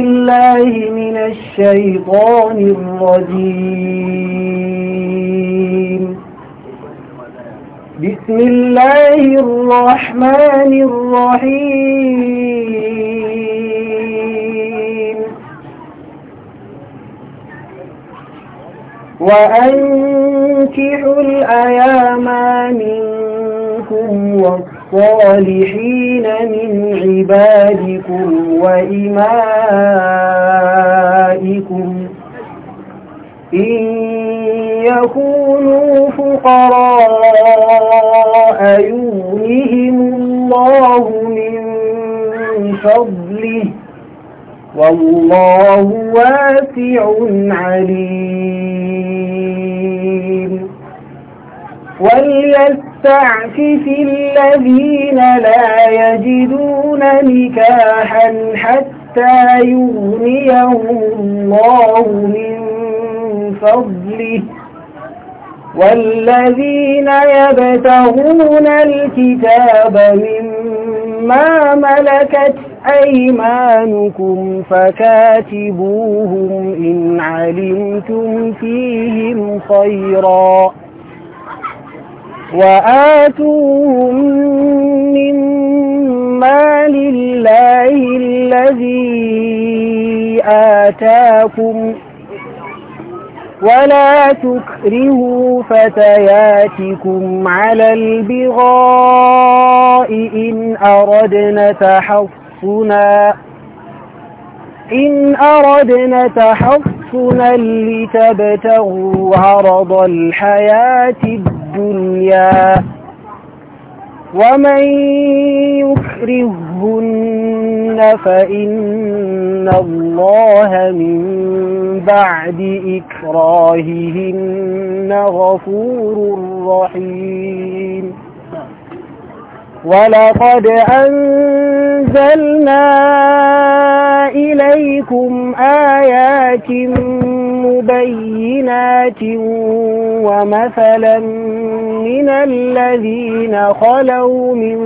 الله من الشيطان الرجيم بسم الله الرحمن الرحيم وأنكحوا الأيام منكم وصفا الصالحين من عبادكم وإمائكم إن يكونوا فقراء يغنهم الله من فضله والله واسع عليم وليستعفف الذين لا يجدون نكاحا حتى يغنيهم الله من فضله والذين يبتغون الكتاب مما ملكت أيمانكم فكاتبوهم إن علمتم فيهم خيراً وآتوهم من مال الله الذي آتاكم ولا تكرهوا فتياتكم على البغاء إن أردنا تحصنا إن أردنا تحصنا لتبتغوا عرض الحياة الدنيا الدنيا ومن يكرهن فإن الله من بعد إكراههن غفور رحيم ولقد أنزلنا إليكم آيات مبينات ومثلا من الذين خلوا من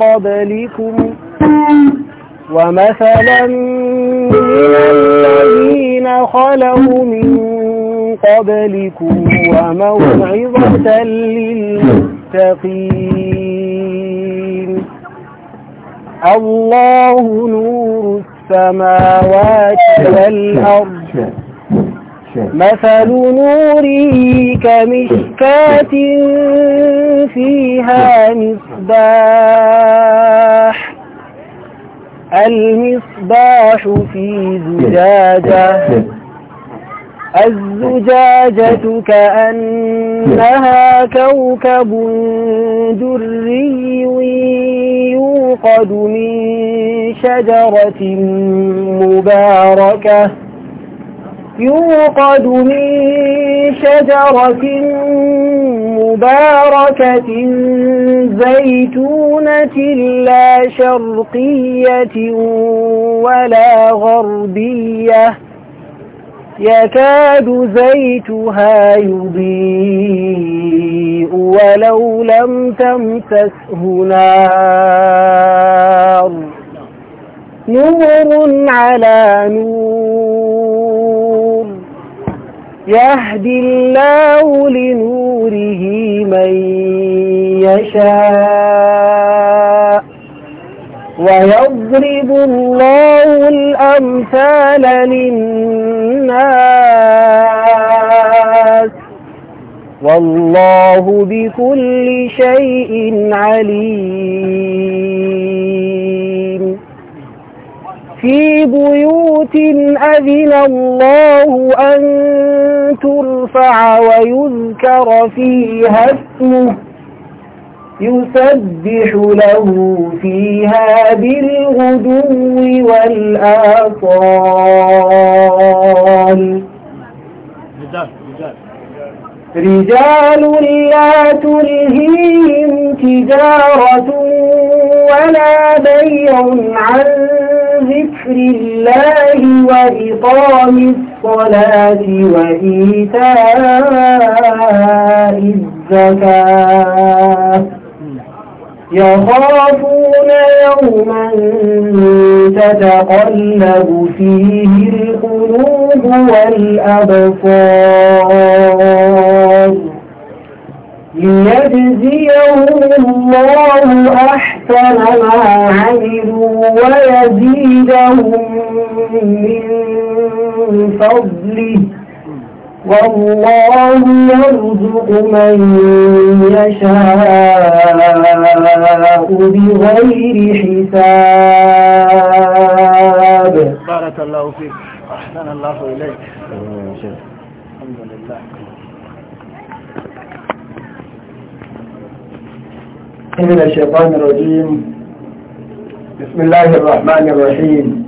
قبلكم ومثلا من الذين خلوا من قبلكم وموعظة للمتقين الله نور السماوات والأرض مثل نوره كمشكاة فيها مصباح المصباح في زجاجة الزجاجة كأنها كوكب دري يوقد من شجرة مباركة يوقد من شجرة مباركة زيتونة لا شرقية ولا غربية يكاد زيتها يضيء ولو لم تمسسه نار نور على نور يهدي الله لنوره من يشاء ويضرب الله الأمثال للناس والله بكل شيء عليم في بيوت أذن الله أن ترفع ويذكر فيها اسمه يسبح له فيها بالغدو والآصال رجال لا تلهيهم تجارة ولا بيع عن ذكر الله وإقام الصلاة وإيتاء الزكاة يخافون يوما تتقلب فيه القلوب والأبصار ليجزيهم الله أحسن ما عملوا ويزيدهم من فضله والله يرزق من يشاء بغير حساب بارك الله فيك أحسن الله إليك الحمد لله من الشيطان الرجيم بسم الله الرحمن الرحيم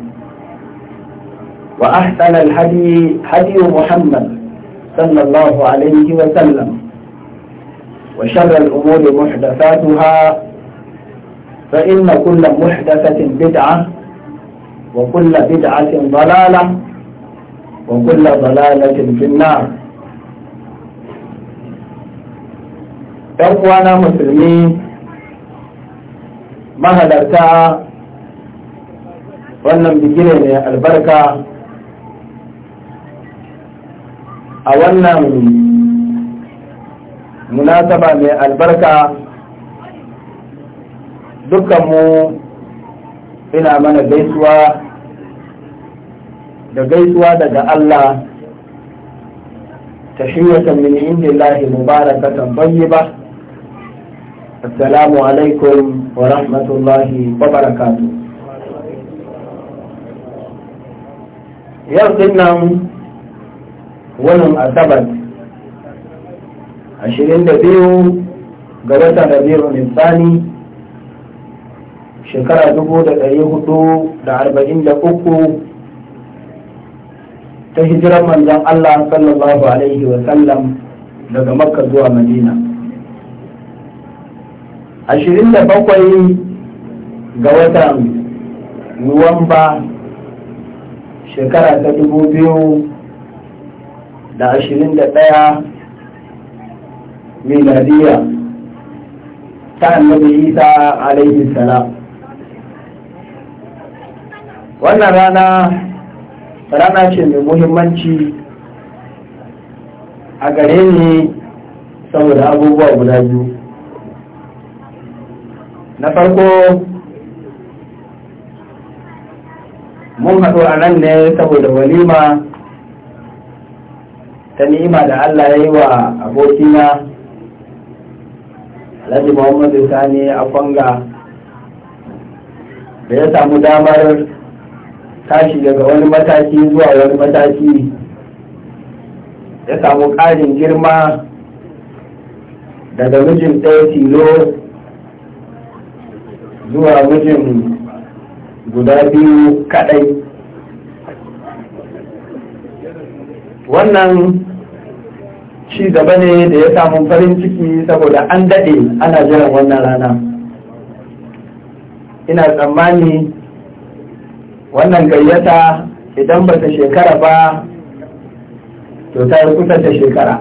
وأحسن الهدي هدي محمد صلى الله عليه وسلم وشر الأمور محدثاتها فإن كل محدثة بدعة وكل بدعة ضلالة وكل ضلالة في النار إخوانا مسلمين هذا wannan bigire ne البركة a wannan munasaba mai albarka dukkanmu ina mana gaisuwa da gaisuwa daga Allah ta shiwata mini inda lahi mubaraka tambayi ba assalamu alaikum wa rahmatullahi wa barakatu. yau dinnan wannan asabar 22 ga da biyu rabiru tsani shekara 443 ta hijirar manzan Allah sallallahu alaihi wasallam daga makka zuwa madina 27 ga watan nuwamba shekara ta 2000 da ashirin da ɗaya miladiya ta annabi isa alaihi salam wannan rana rana ce mai muhimmanci a gare ni saboda abubuwa guda biyu na farko mun haɗu a nan ne saboda walima ta ni'ima da Allah ya yi wa abokina Alhaji Muhammadu Sani a kwanga da ya samu damar tashi daga wani mataki zuwa wani mataki ya samu ƙarin girma daga mijin ɗaya tilo zuwa mijin guda biyu kaɗai wannan ci gaba ne da ya samu farin ciki saboda an daɗe ana jiran wannan rana ina tsammani wannan gayyata idan ba ta shekara ba to ta yi kusa ta shekara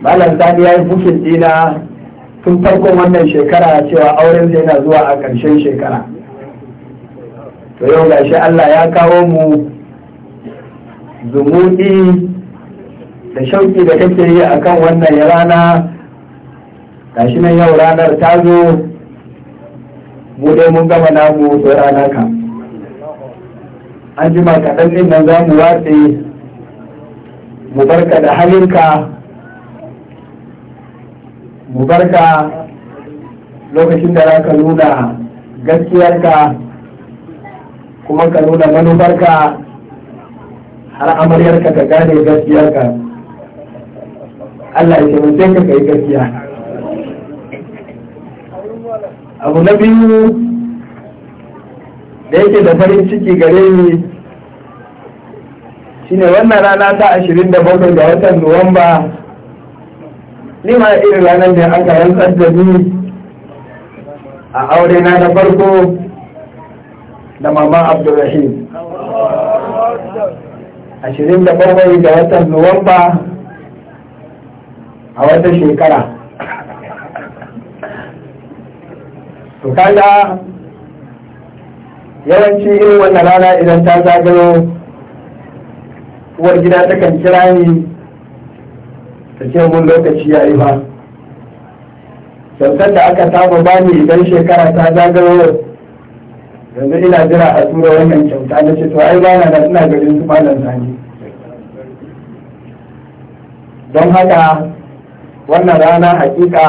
malam sani ya yi bukin dina tun farkon wannan shekara cewa auren zai na zuwa a ƙarshen shekara to yau gashi allah ya kawo mu zumuɗi da shauki da kake yi a kan wannan rana gashi nan yau ranar ta zo mu dai mun gama namu sai rana ka an jima kaɗan ɗin nan za mu watse mu barka da halinka mu barka lokacin da za ka nuna gaskiyarka kuma ka nuna manufarka har amaryarka ka gane gaskiyarka Allah ya taimake ka kai gaskiya abu na biyu da yake da farin ciki gare ni shine wannan rana ta ashirin da bakwai ga watan nuwamba ni ma irin ranar da aka rantsar da ni a aure na da farko da mama abdulrahim ashirin da bakwai ga watan nuwamba a wata shekara to kaga yawanci irin wannan rana idan ta zagayo uwar gida takan kira ni ta ce mun lokaci ya yi ba kyautar da aka samu bani idan shekara ta zagayo yanzu ina jira a tura wannan kyauta na ce to ai bana na suna garin su malam sani don haka wannan rana hakika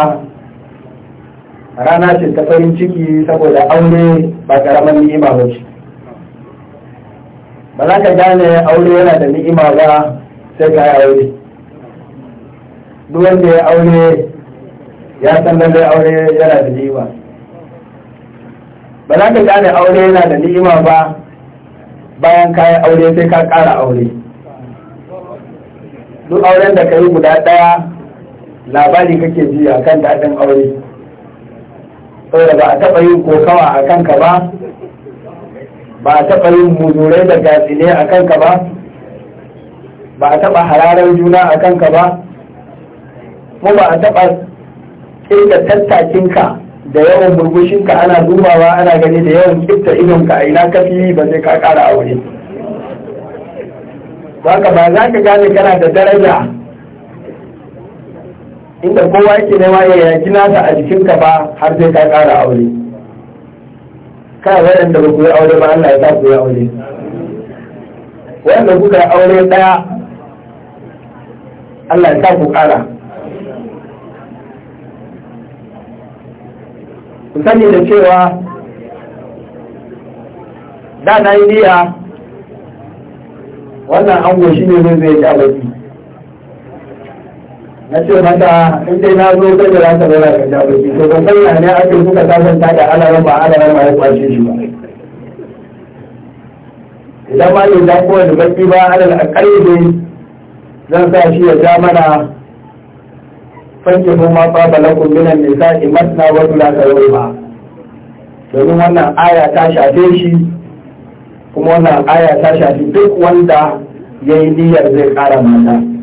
rana ce ta farin ciki saboda aure ba karamin ni'ima ba ce ba za ka gane aure yana da ni'ima ba sai ka yi aure duk wanda ya aure ya san lalle aure yana da ni'ima ba za ka gane aure yana da ni'ima ba bayan ka yi aure sai ka ƙara aure duk auren da ka yi guda ɗaya labari kake ji a kan daɗin aure saboda ba a taɓa yin kokawa a kanka ba ba a taɓa yin muzurai da gasile a kanka ba ba a taɓa hararar juna a kanka ba ko ba a taɓa ƙirga tattakinka da yawan burbushinka ana dubawa ana gani da yawan kifta idonka a ina kafi ba sai ka ƙara aure ba ka ba za ka gane kana da daraja inda kowa yake nema ya yaki nasa a jikinka ba har sai ka ƙara aure kai waɗanda ba ku yi aure ba Allah ya sa ku yi aure wanda kuka aure ɗaya Allah ya sa ku ƙara ku sani da cewa da na yi niyya wannan ango shi ne zai zai ji na ce mata in dai na zo kai da za ka zauna ka ja baki to ban bayyana ne ake kuka sasanta da alaran ba alaran ma ya kwashe shi ba idan ma ne za kuma da baki ba alal akalli dai zan sa shi ya ja mana fanke mu ma fa balakum minan nisa'i masna wa thulatha wa domin wannan aya ta shafe shi kuma wannan aya ta shafi duk wanda ya yi niyyar zai kara mata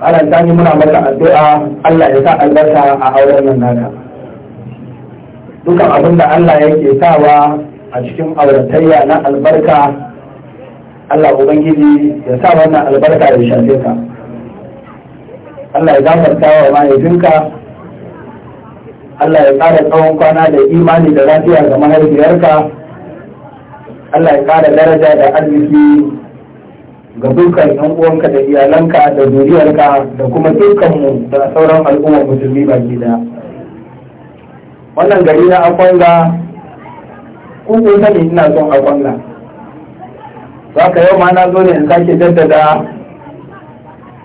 ana yi muna maka addu'a Allah ya sa albarka a auren nan naka dukan abin da Allah yake sawa a cikin auratayya na albarka Allah ubangiji ya sa wannan albarka ya shafe ka Allah ya gafarta wa mahaifinka Allah ya ƙara tsawon kwana da imani da lafiya ga mahaifiyarka Allah ya ƙara daraja da arziki ga dukkan yan uwanka da iyalanka da zuriyarka da kuma dukkanmu da sauran al'ummar musulmi baki daya wannan gari na akwanga kun sani ina son akwanga za ka yau ma na zo ne in sake jaddada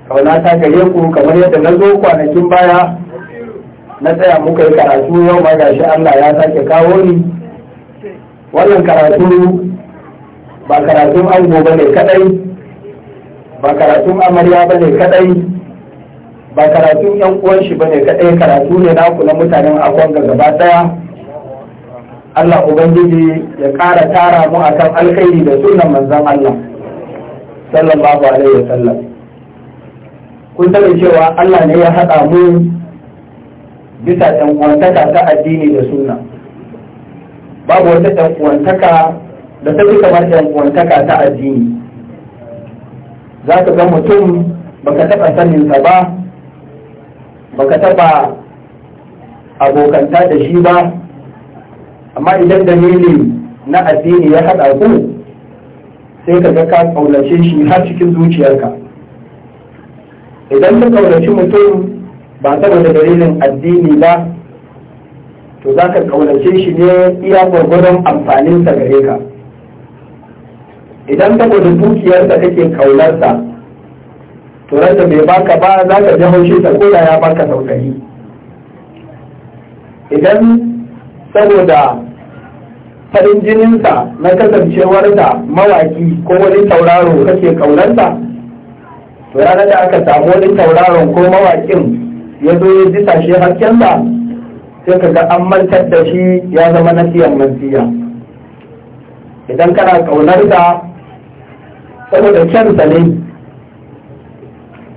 kauna ta gare ku kamar yadda na zo kwanakin baya na tsaya muka yi karatu yau ma gashi Allah ya sake kawo ni wannan karatu ba karatun ango ba ne kadai ba karatun amarya ba ne kadai ba karatun yan uwan shi ba ne kadai karatu ne naku na mutanen akwai ga gaba daya Allah Ubangiji ya ƙara tara mu akan alkhairi da sunan manzon Allah sallallahu alaihi wa sallam kun sani cewa Allah ne ya haɗa mu bisa ɗan'uwantaka ta addini da sunna babu wata ɗan'uwantaka da ta fi kamar ɗan'uwantaka ta addini za ka ga mutum baka taɓa sa ba baka taɓa abokanta da shi ba amma idan dalili na addini ya haɗa ku sai ka ga ka ƙaunace shi har cikin zuciyarka idan ka ƙaunaci mutum ba saboda dalilin addini ba to za ka ƙaunace shi ne iya gwargwadon amfaninsa gare ka idan ka gudu da kake kaunarsa to ranta bai baka ba za ka ji haushe ta koda ya baka sauƙari idan saboda farin jininsa na kasancewarsa mawaki ko wani tauraro kake kaunarsa to ranar da aka samu wani tauraron ko mawakin ya zo ya ji tashe haskensa sai ka ga an mantar da shi ya zama nasiyan mantiya idan kana kaunarsa saboda kyan ne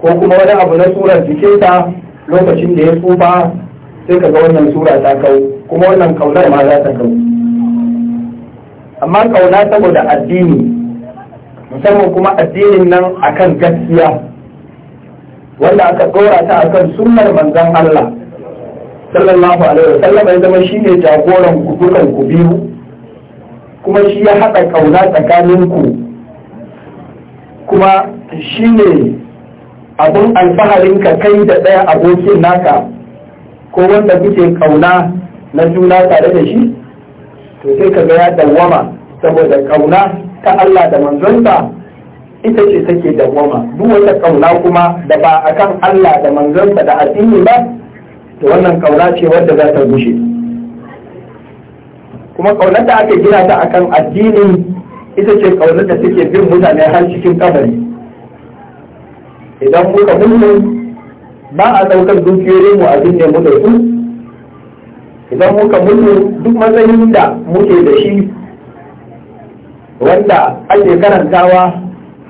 ko kuma wani abu na surar ta lokacin da ya tsufa sai ka ga wannan sura ta kau kuma wannan kaunar ma za ta kau amma kauna saboda addini musamman kuma addinin nan akan gaskiya wanda aka ɗora ta akan sunnar manzan Allah sallallahu alaihi wasallam ya zama shi ne jagoran ku dukan ku biyu kuma shi ya haɗa kauna tsakanin ku kuma shine abun alfaharin ka kai da ɗaya abokin naka ko wanda kuke kauna na juna tare da shi to sai ka gaya ya dawwama saboda kauna ta Allah da manzonsa ita ce take dawwama duk wata kauna kuma da ba akan Allah da manzonsa da addini ba to wannan kauna ce wadda za ta gushe kuma kaunar da aka gina ta akan addinin ita ce ƙaunar da take bin mutane har cikin kabari idan muka mutu ba a ɗaukar dukiyoyin mu a binne mu da su idan muka mutu duk matsayin da muke da shi wanda ake karantawa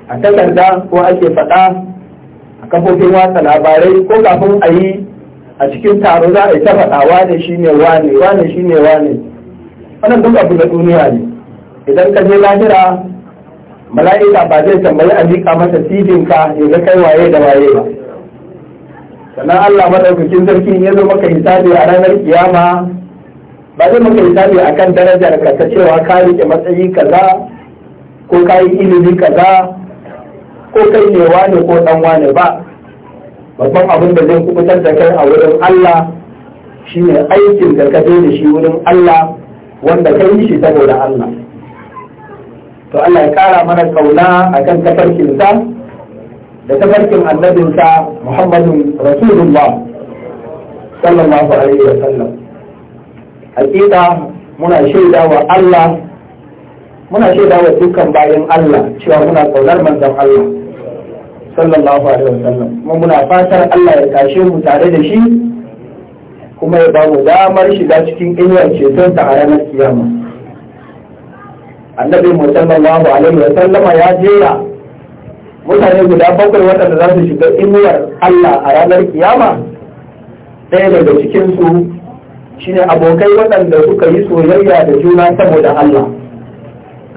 a takarda ko ake faɗa a kafofin watsa labarai ko kafin a yi a cikin taro za a yi ta faɗa wane shi ne wane wane shi ne wane wannan duk abu na duniya ne idan ka je lahira mala'ika ba zai tambayi a jika masa ka ya ga kai waye da waye ba sannan Allah madaukakin sarki ya zo maka hisabi a ranar kiyama ba zai maka hisabi kan darajar ka ta cewa ka rike matsayi kaza ko ka yi ilimi kaza ko kai ne wane ko dan wane ba babban abin da zai kubutar da kai a wurin Allah shine aikin da ka da shi wurin Allah wanda kai shi saboda Allah to Allah ya kara mana kauna akan tafarkinsa da tafarkin annabinsa Muhammadun Rasulullah sallallahu alaihi wa sallam hakika muna shaida wa Allah muna shaida wa dukkan bayan Allah cewa muna kaunar manzon Allah sallallahu alaihi wa sallam kuma muna fatar Allah ya tashe mu tare da shi kuma ya ba mu damar shiga cikin inuwar ceton ta a ranar kiyama annabi mu sallallahu alaihi wa sallama ya jera mutane guda bakwai waɗanda za su shiga inuwar Allah a ranar kiyama ɗaya daga cikinsu shine abokai waɗanda suka yi soyayya da juna saboda Allah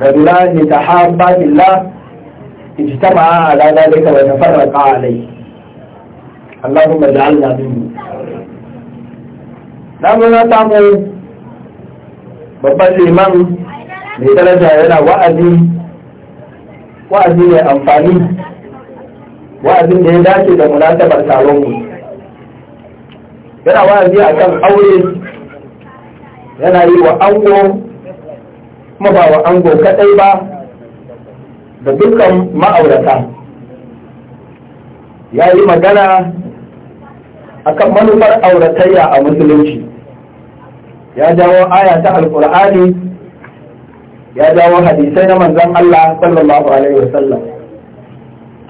rajulani tahabba billah ijtama'a ala dhalika wa tafarraqa alayhi Allahumma ja'alna minhum na mun samu babban liman mai daraja yana wa'azi wa'azi mai amfani wa'azin da ya dace da munasabar taron mu yana wa'azi akan aure yana yi wa ango kuma ba wa ango kadai ba da dukkan ma'aurata ya yi magana akan manufar auratayya a musulunci ya jawo aya ta alkur'ani ya dawo hadisai na manzon Allah sallallahu alaihi wasallam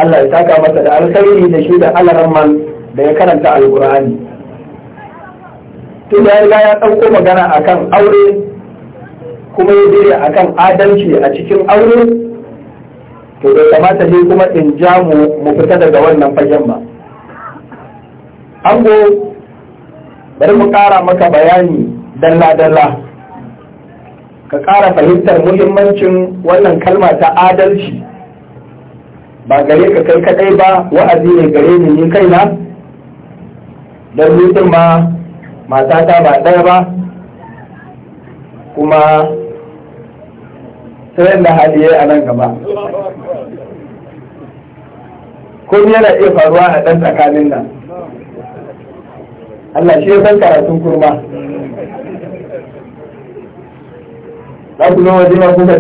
Allah ya taka masa da alkhairi da shi da alaramman da ya karanta alkur'ani tun da ya ya ɗauko magana akan aure kuma ya dire akan adalci a cikin aure to bai kamata ne kuma in ja mu mu fita daga wannan fagen ba ango bari mu ƙara maka bayani dalla-dalla ka ƙara fahimtar muhimmancin wannan kalma ta adalci ba gare ka kai kaɗai ba wa'azi ne gare ni ni kaina don mutum ma matata ba ɗaya ba kuma sai da haliye a nan gaba kuma yana iya faruwa a ɗan tsakanin nan Allah shi ya san karatun kurma za ku zama kuka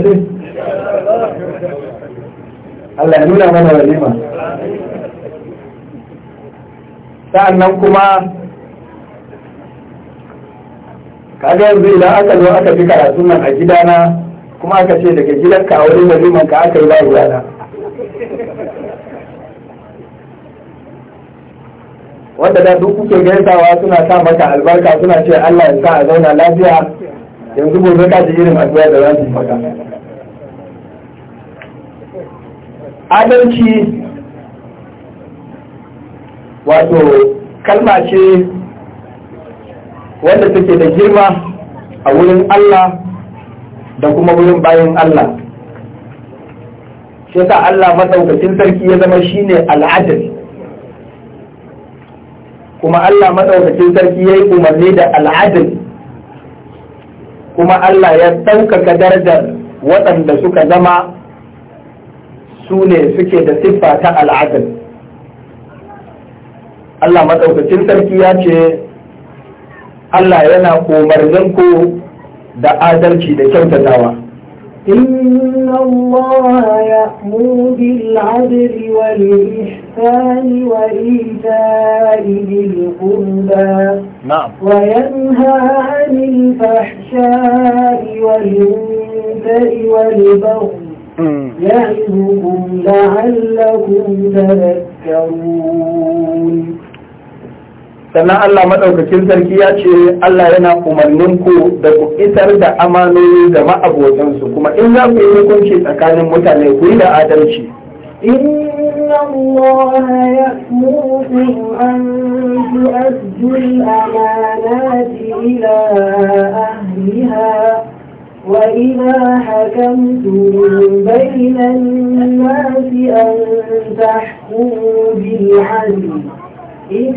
Allah ya nuna mana walima kuma kaga yanzu idan aka zo aka fi karatun nan a gidana kuma aka ce daga gidanka a wurin waliman ka aka yi ba ruwana wanda da duk kuke gaisawa suna sa maka albarka suna ce Allah ya sa a zauna lafiya yanzu gobe ka ji irin addu'a da za su maka adalci wato kalma ce wanda take da girma a wurin Allah da kuma wurin bayan Allah shi yasa Allah madaukakin sarki ya zama shine al'adil kuma Allah madaukakin sarki ya yi umarni da al'adil kuma Allah ya ɗaukaka darajar waɗanda suka zama su ne suke da siffa ta al'adar. Allah maɗaukacin sarki ya ce Allah yana umarnin ku da adalci da kyautatawa إن الله يأمر بالعدل والإحسان وإيتاء ذي القربى نعم وينهى عن الفحشاء والمنكر والبغي يعظكم لعلكم تذكرون sannan Allah maɗaukakin sarki ya ce Allah yana umarnin ku da ku isar da amanoni da ma'abotansu kuma in za ku yi hukunci tsakanin mutane ku yi da adalci وإذا حكمتم بين الناس أن تحكموا بالعدل إن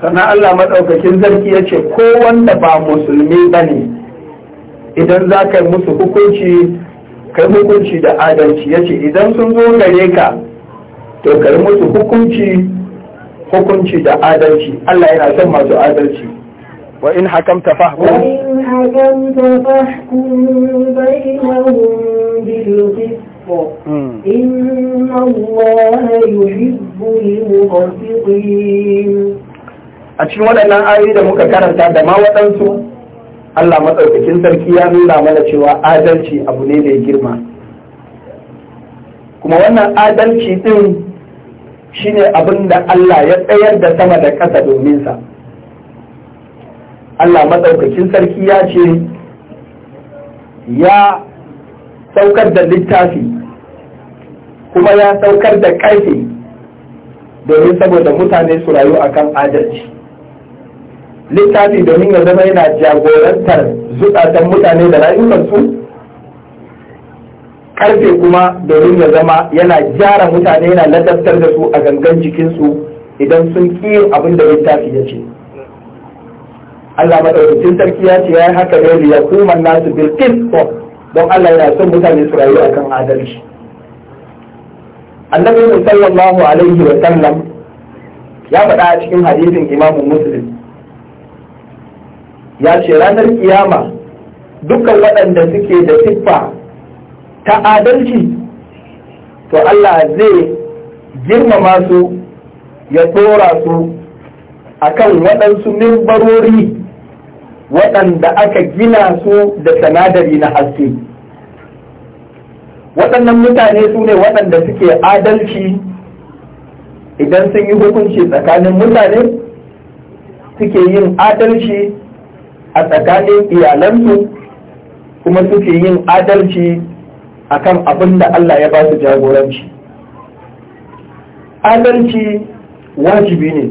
sana Allah maɗaukakin zarki ya ce ko wanda ba musulmi ba ne idan za ka musu hukunci kai hukunci da adalci ya ce idan sun zo gare ka to kai musu hukunci hukunci da adalci Allah yana son masu adalci وإن حكمت فاحكم بينهم بالقسط إن الله يحب المقسطين a cikin waɗannan ayoyi da muka karanta da ma waɗansu Allah matsaukakin sarki ya nuna mana cewa adalci abu ne mai girma kuma wannan adalci ɗin shine abin da Allah ya tsayar da sama da ƙasa domin sa. Allah maɗaukakin sarki ya ce ya saukar da littafi kuma ya saukar da ƙarfe domin saboda mutane su rayu a kan adalci littafi domin ya zama yana jagorantar zuɗaɗen mutane da rayukansu ƙarfe kuma domin ya zama yana gyara mutane yana ladabtar da su a gangan jikinsu idan sun ƙi abin da littafi ya ce Allah madaukakin sarki ya ce ya yi haka ne ya kuma nasu bil ko don Allah yana son mutane su rayu kan adalci annabi sallallahu alaihi wa sallam ya faɗa a cikin hadisin imamu muslim ya ce ranar kiyama dukkan waɗanda suke da siffa ta adalci to Allah zai girmama su ya tsora su akan waɗansu mimbarori waɗanda aka gina su da sanadari na haske waɗannan mutane su ne waɗanda suke adalci idan sun yi hukunci tsakanin mutane suke yin adalci a tsakanin iyalansu kuma suke yin adalci a kan abin da Allah ya ba su jagoranci adalci wajibi ne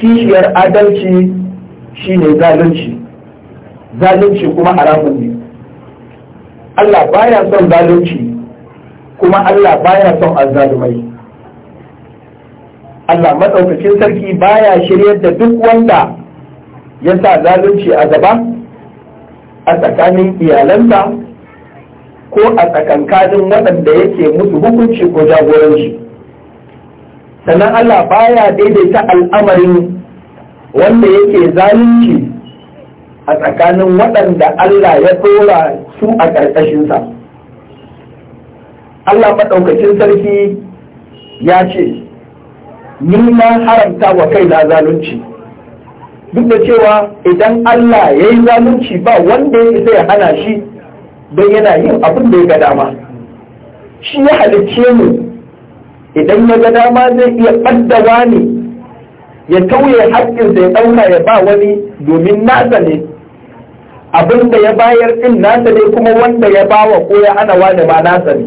kishiyar adalci Shi ne zalunci zalunci kuma haramun ne Allah baya son zalunci kuma Allah baya son azzalumai Allah maɗaukacin sarki baya shiryar da duk wanda ya sa zalunci a gaba a tsakanin iyalanta, ko a tsakankanin waɗanda yake musu hukunci ko jagoranci sannan Allah baya daidaita al'amarin wanda yake zalunci a tsakanin waɗanda Allah ya tsora su a ƙarƙashinsa. Allah maɗaukacin sarki ya ce, Ni na haramta wa kai na zalunci, duk da cewa idan Allah ya yi zalunci ba wanda ya isa hana shi don yana yin abin da ya ga dama. Shi ya halicce mu idan ya ga dama zai iya ɓaddawa ne ya tauye haƙƙinsa ya ɗauka ya ba wani domin nasa ne abin da ya bayar ɗin nasa ne kuma wanda ya bawa ko ya ana wani ma nasa ne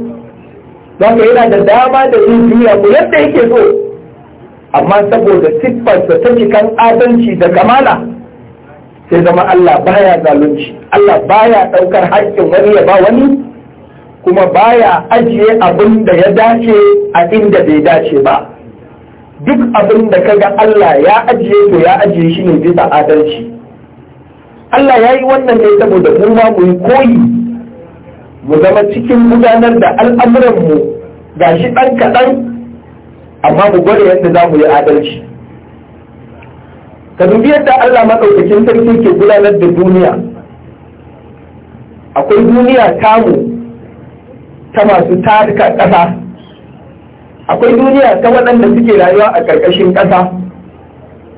don ka yana da dama da yin duniya ko yadda yake so amma saboda siffarsa ta cikin adalci da kamala sai zama Allah baya zalunci Allah baya ɗaukar haƙƙin wani ya ba wani kuma baya ajiye abin da ya dace a inda bai dace ba duk abin da kaga Allah ya ajiye to ya ajiye shi ne bisa adalci Allah ya yi wannan ne saboda mu ma mu yi koyi mu zama cikin gudanar da al'amuranmu ga shi ɗan kaɗan amma mu gwada yadda za mu yi adalci ka dubi yadda Allah maɗaukakin sarki ke gudanar da duniya akwai duniya tamu ta masu tarika ƙasa akwai duniya ta waɗanda suke rayuwa a ƙarƙashin ƙasa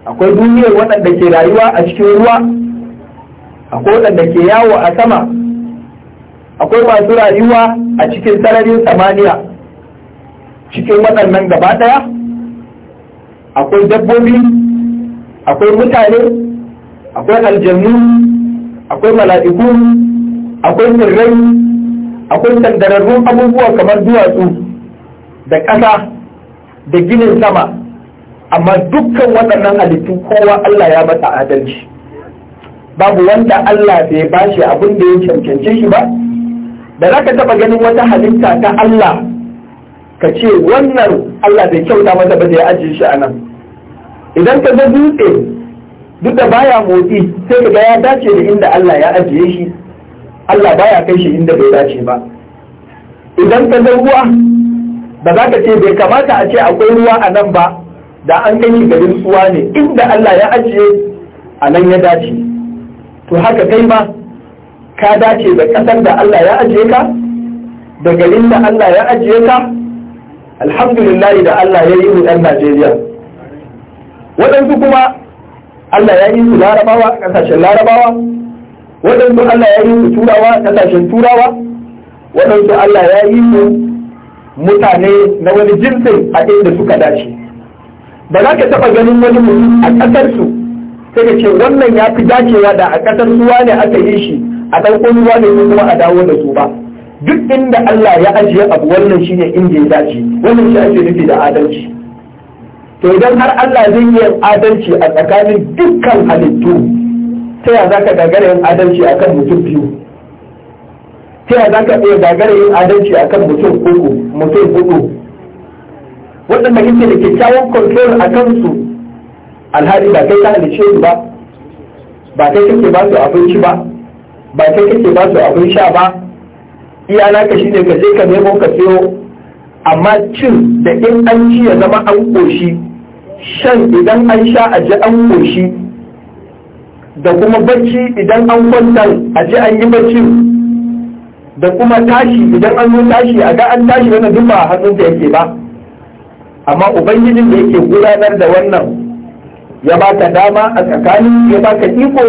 akwai duniyar waɗanda ke rayuwa a cikin ruwa akwai waɗanda ke yawo a sama akwai masu rayuwa a cikin sararin samaniya cikin waɗannan gaba ɗaya akwai dabbobi akwai mutane akwai aljannu akwai mala'iku akwai tsirrai akwai sandararrun abubuwa kamar duwatsu da ƙasa da ginin sama amma dukkan waɗannan halittu kowa Allah ya masa adalci babu wanda Allah bai bashi abin da ya cancance shi ba da za ka taɓa ganin wata halitta ta Allah ka ce wannan Allah bai kyauta masa ba da ya ajiye shi a nan idan ka zo dutse duk da baya motsi sai ka ga ya dace da inda Allah ya ajiye shi Allah baya kai shi inda bai dace ba idan ka zo ruwa ba za ka ce bai kamata a ce akwai ruwa a nan ba da an gani garin tsuwa ne inda Allah ya ajiye a nan ya dace to haka kai ma ka dace da ƙasar da Allah ya ajiye ka da garin da Allah ya ajiye ka alhamdulillah da Allah ya yi mu ɗan Najeriya waɗansu kuma Allah ya yi su larabawa ƙasashen larabawa waɗansu Allah ya yi su turawa ƙasashen turawa waɗansu Allah ya yi su mutane na wani jinsin a inda suka dace ba za ka taɓa ganin wani mutum a ƙasarsu sai ka ce wannan ya fi dacewa da a ƙasar suwa ne aka yi shi a ɗan ƙwaruwa ne kuma a dawo da su ba duk inda Allah ya ajiye abu wannan shi ne inda ya dace wannan shi ake nufi da adalci to idan har Allah zai yi adalci a tsakanin dukkan halittu ta ya za ka gagara yin adalci kan mutum biyu ta yaya za ka iya gagara yin adalci a kan mutum uku mutum uku waɗanda kake da kyakkyawan control a kansu alhali ba kai ka halice su ba ba kai kake ba su abinci ba ba kai kake ba su abin sha ba iya naka shine ka je ka nemo ka siyo amma cin da in an ci ya zama an koshi shan idan an sha a ji an koshi da kuma bacci idan an kwanta a ji an yi bacci da kuma tashi idan an yi tashi a ga an tashi wannan duk ba da yake ba amma ubangijin da yake gudanar da wannan ya baka dama a tsakani ya baka iko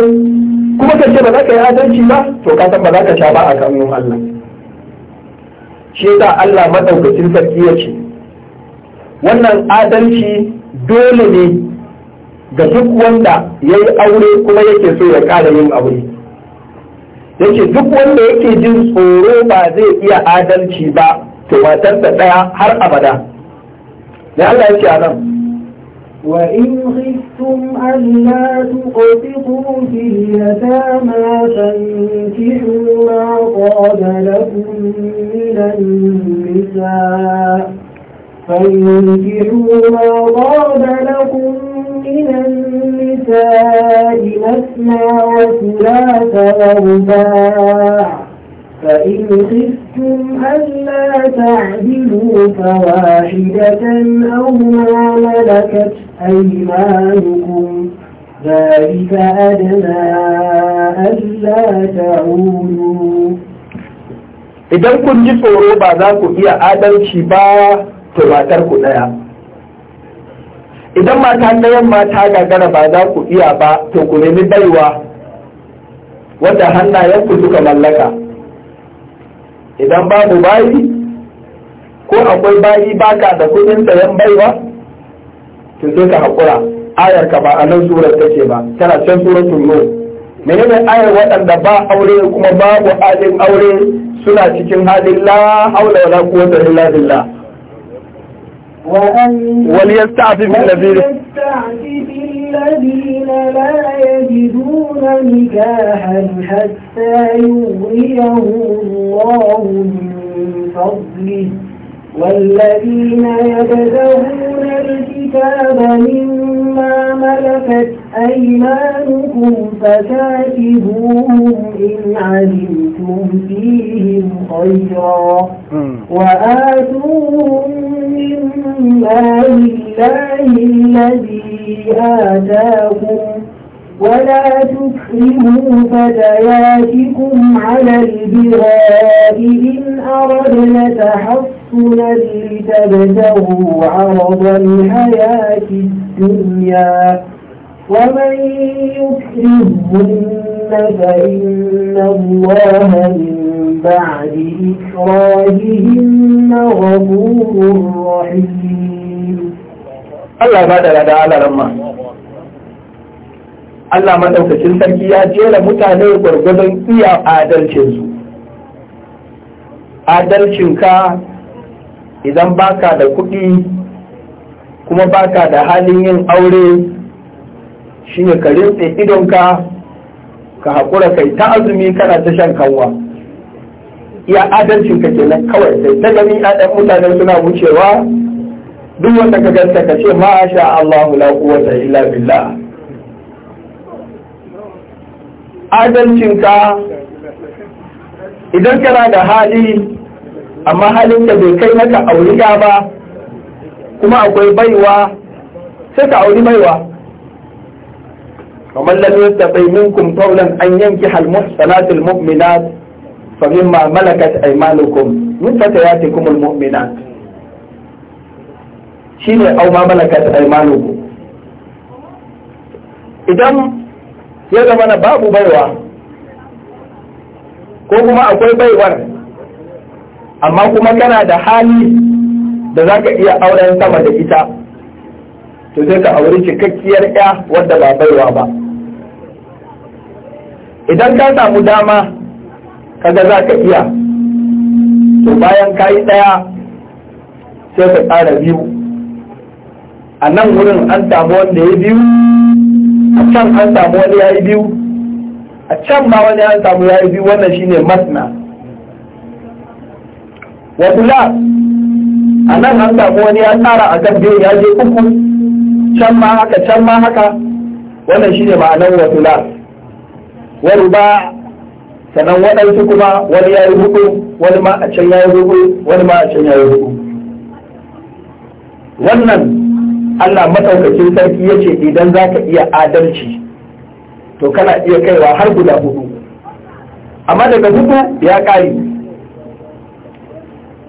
kuma ka ce ba za ka yi adalci ba to ka san ba za ka sha ba a kanun Allah shi da Allah madaukakin sarki ya ce wannan adalci dole ne ga duk wanda ya yi aure kuma yake so ya ƙara yin aure yake duk wanda yake jin tsoro ba zai iya adalci ba to matarsa daya har abada ne Allah yake a nan وإن خفتم ألا تقسطوا في اليتامى فانكحوا ما طاب لكم من النساء فانكحوا ما طاب لكم من النساء مثنى وثلاث ورباع فإن خفتم ألا تعدلوا فواحدة أو ما ملكت أيمانكم ذلك أدنى ألا تعودوا idan kun ji tsoro ba za ku iya adalci ba to ku daya idan mata ta yamma ta gagara ba za ku iya ba to ku nemi baiwa wanda hannayenku suka mallaka idan babu bayi ko akwai bayi baka da kudin sayan baiwa to sai ka haƙura ayar ka ba a nan surar take ba tana can suratul mene menene ayar waɗanda ba aure kuma babu halin aure suna cikin halin la haula wala quwwata illa billah وليستعفف الذين الذين لا يجدون نكاحا حتى يغنيهم الله من فضله والذين يبتغون الكتاب مما ملكت أيمانكم فكاتبوهم إن علمتم فيهم خيرا وآتوهم من مال الله الذي آتاكم ولا تكرموا فتياتكم على البغاء إن أردنا تحصنا سنن لتبدأوا عرض الحياة الدنيا ومن يكرهن فإن الله من بعد إكراههن غفور رحيم الله بعد لدى على رمى Allah maɗaukacin sarki ya jera mutane gwargwadon iya adalcinsu. Adalcinka idan baka da kuɗi kuma baka da halin yin aure shine ka rintse idonka ka haƙura kai ta azumi kana ta shan kanwa iya adalcin ka kenan kawai sai ta gani ɗan mutane suna wucewa duk wanda ka gaska ka ce ma sha Allah la quwwata illa billah adalcin ka idan kana da hali amma halin da bai kai naka auriya ba kuma akwai baiwa sai ka auri baiwa kamar lam yastati minkum qawlan an yanki hal muhsanatil mu'minat fa mimma malakat aymanukum min fatayatikum al mu'minat shine aw ma malakat aymanukum idan ya zama na babu baiwa ko kuma akwai baiwar amma kuma kana da hali da za ka iya auren sama da ita to sai ka auri cikakkiyar ya wadda ba baiwa ba idan ka samu dama kaga za ka iya to bayan ka yi ɗaya sai ka tsara biyu a nan wurin an samu wanda ya biyu a can an samu wani ya yi biyu a can ma wani an samu ya yi biyu wannan shine masna wa kula a nan an samu wani ya tsara a kan biyu ya je uku can ma haka can ma haka wannan shi ne ma'anar wa kula wa ruba sannan waɗansu kuma wani ya yi hudu wani ma a can ya yi hudu wani ma a can ya yi hudu wannan Allah masaukacin sarki ya ce idan za ka iya adalci to kana iya kaiwa har guda hudu amma daga hudu ya ƙari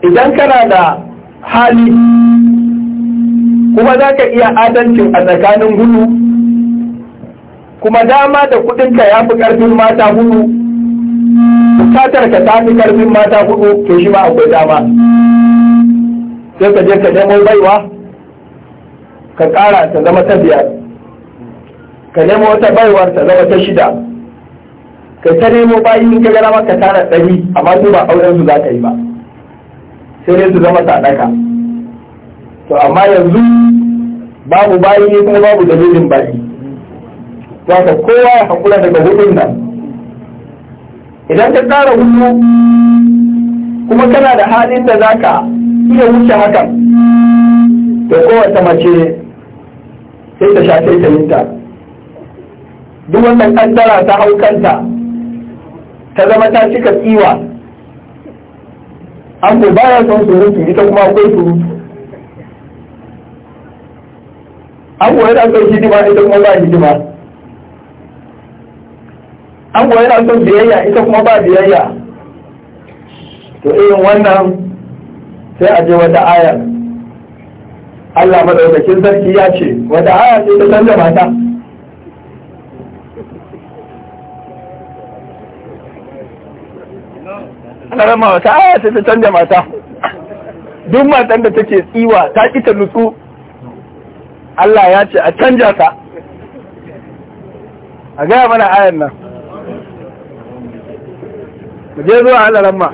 idan kana da hali kuma za ka iya adalcin a tsakanin gudu kuma dama da kudinka ya fi karfin mata hudu bukatar ka ta fi karfin mata hudu to shi ma akwai dama sai ka je ka nemo baiwa ka kara ta zama ta biyar ka nemo wata baiwar ta zama ta shida ka ta nemo bayi in ka gara maka tara ɗari amma su ba auren su za ka yi ba sai dai su zama sadaka to amma yanzu babu bayi ne kuma babu dalilin bayi wata kowa ya hakura daga hudun nan idan ka tsara hudu kuma kana da halin da za ka iya wuce hakan to kowace mace sai ta shafe ta yi ta. duk wannan kaddara ta kanta ta zama ta cika tsiwa an ko baya son surutu ita kuma akwai surutu an ko yana son hidima ita kuma ba hidima an ko yana son biyayya ita kuma ba biyayya to irin wannan sai a je wata ayar Allah madaukakin sarki ya ce wata aya ce ta canza mata ana rama wata aya ta canja mata duk matan da take tsiwa ta ita nutsu Allah ya ce a canja ta a gaya mana ayan nan mu je zuwa Allah ma.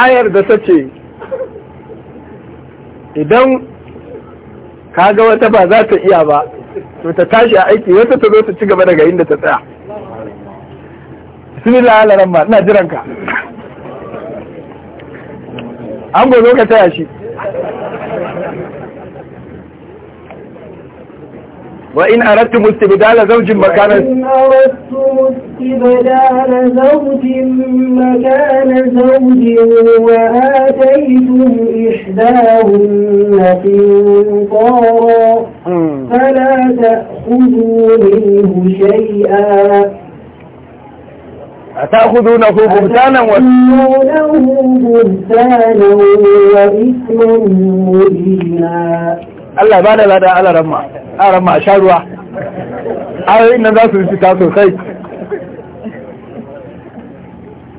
ayar da ta ce idan kaga wata ba za ta iya ba to ta tashi a aiki wata ta zo ta ci gaba daga inda ta tsaya bismillah ala ramma ina jiran ka an gozo ka taya shi وإن أردتم استبدال زوج مكان وإن أردتم استبدال زوج مكان زوج وآتيتم إحداهن قنطارا فلا تأخذوا منه شيئا أتأخذونه بهتانا وإثما مبينا Allah ba da lada ala ramma a ramma a sharuwa ayo inda za su fita sosai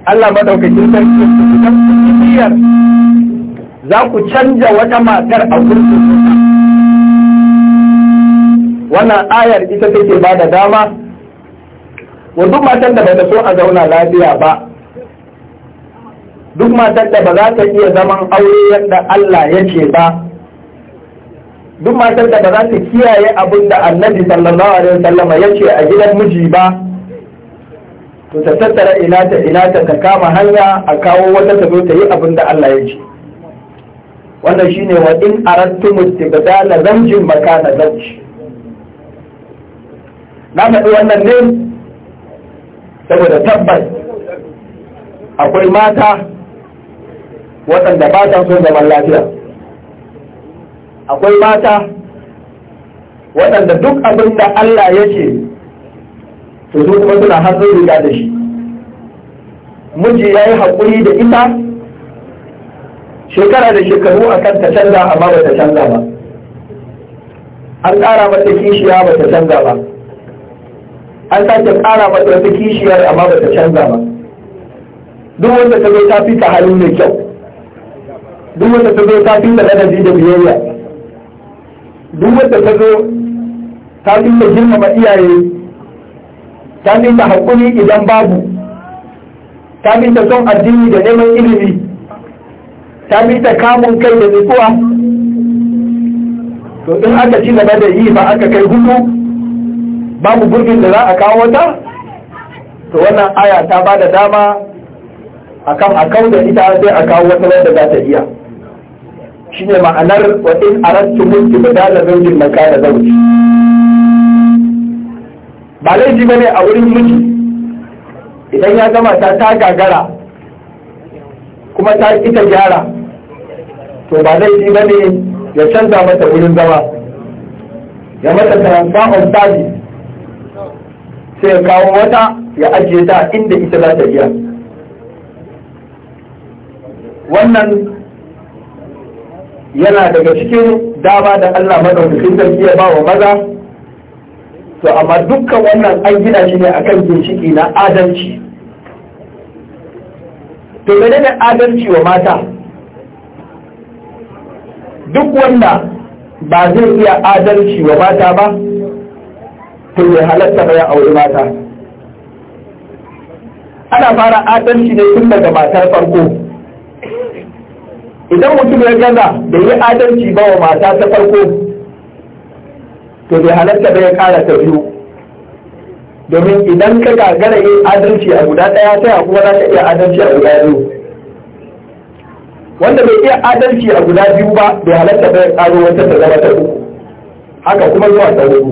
Allah madaukakin sarki idan kiyar za ku canja wata matar a kurkuku wannan ayar ita take ba da dama wa duk matan da bata so a zauna lafiya ba duk matan da ba za ta iya zaman aure yadda Allah ya ba duk matar da ba za ta kiyaye abin da annabi sallallahu alaihi wasallam ya ce a gidan miji ba to ta tattara ina ta ina ta ta kama hanya a kawo wata ta zo ta yi abin da Allah ya ce wannan shine wa in aradtum istibdala zanjin makana zawj na faɗi wannan ne saboda tabbas akwai mata waɗanda ba ta so zaman lafiya akwai mata waɗanda duk abin da Allah ya ce su zo kuma suna hannun riga da shi miji ya yi haƙuri da ita shekara da shekaru a kan ta canza amma ba ta canza ba an ƙara mata kishiya ba ta canza ba an sake ƙara mata wata kishiyar amma ba ta canza ba duk wanda ta zo ta fi ta hannu mai kyau duk wanda ta zo ta fi ta ladabi da biyayya duk wadda ta zo ta dinga girmama iyaye ta dinga haƙuri idan babu ta dinga son addini da neman ilimi ta dinga kamun kai da nutsuwa to in aka ci gaba da yi ba aka kai hudu babu gurbin da za a kawo ta to wannan aya ta ba da dama kan akau da ita sai a kawo wata wadda za ta iya Shi ne ma'anar wa in aradtu mulki badala zawjin makana zauci ba laifi bane a wurin miji idan ya zama ta ta gagara kuma ta ita gyara to ba laifi bane ya canza mata wurin zama ya mata transfer of sai ya kawo wata ya ajiye ta inda ita za ta biya wannan yana daga cikin dama da Allah madaukakin sarki ya ba wa maza to amma dukkan wannan an gina shi ne akan ginshiki na adalci to ne adalci wa mata duk wanda ba zai iya adalci wa mata ba to ya halatta ba ya auri mata ana fara adalci ne tun daga matar farko idan mutum ya gana da yi adalci ba wa mata ta farko to bai halatta bai kara ta biyu domin idan ka gagara yin adalci a guda ɗaya ta kuma za ka iya adalci a guda biyu wanda bai iya adalci a guda biyu ba bai halatta bai karo wata ta zama ta uku haka kuma zuwa ta hudu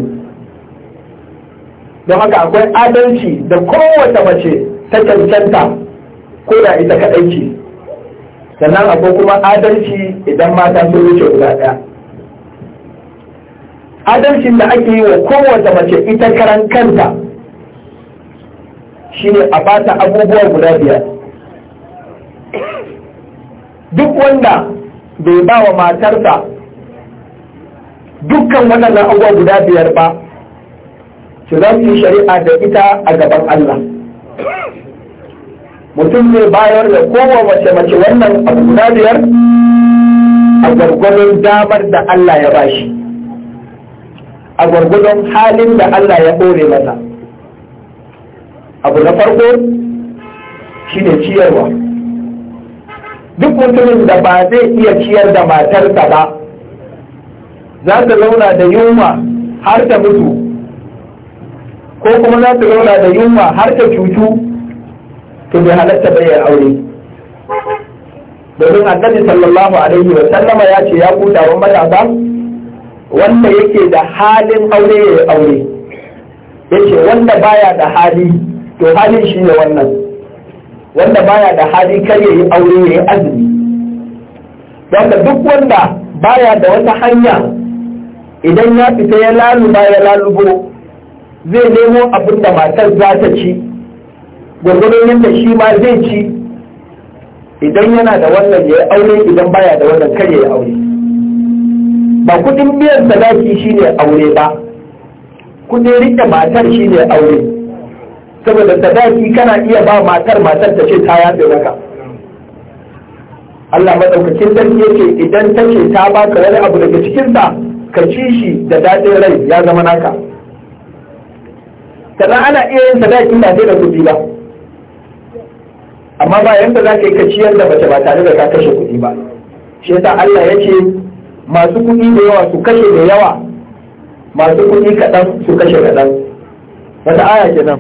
don haka akwai adalci da kowace mace ta cancanta ko da ita kaɗai ce sannan akwai kuma adalci idan mata sun wuce guda ɗaya adalcin da ake yi wa kowace mace ita karan kanta shine a bata abubuwa guda biyar duk wanda bai ba wa matarsa dukkan waɗannan abubuwa guda biyar ba su za su yi shari'a da ita a gaban Allah mutum zai bayar da kowa mace mace wannan abu guda biyar a gwargwadon damar da Allah ya bashi a gwargwadon halin da Allah ya ɗore masa abu na farko shi ne ciyarwa duk mutumin da ba zai iya ciyar da matarsa ba za ta zauna da yunwa har ta mutu ko kuma za ta zauna da yunwa har ta cutu to bai halatta bai aure domin annabi sallallahu alaihi wa sallama ya ce ya kuta wa matasa wanda yake da halin aure ya aure ce wanda baya da hali to halin shi ne wannan wanda baya da hali kar ya yi aure ya yi azumi wanda duk wanda baya da wata hanya idan ya fita ya laluba ya lalubo zai nemo abin da matar za ta ci gwargwadon yadda shi ma zai ci idan yana da wannan ya yi aure idan baya da wannan kar ya yi aure ba kudin biyan sadaki ne aure ba kudin rike matar shi ne aure saboda sadaki kana iya ba matar matar ta ce ta yafe maka Allah madaukakin sarki yake idan ta ce ta baka wani abu daga cikinsa ka ci shi da daɗin rai ya zama naka sannan ana iya yin sadaki ba sai da kuɗi ba amma ba yanda za ka yi ka ciyar da mace ba tare da ka kashe kuɗi ba shi yasa Allah ya ce masu kuɗi da yawa su kashe da yawa masu kuɗi kaɗan su kashe kaɗan wata aya ke nan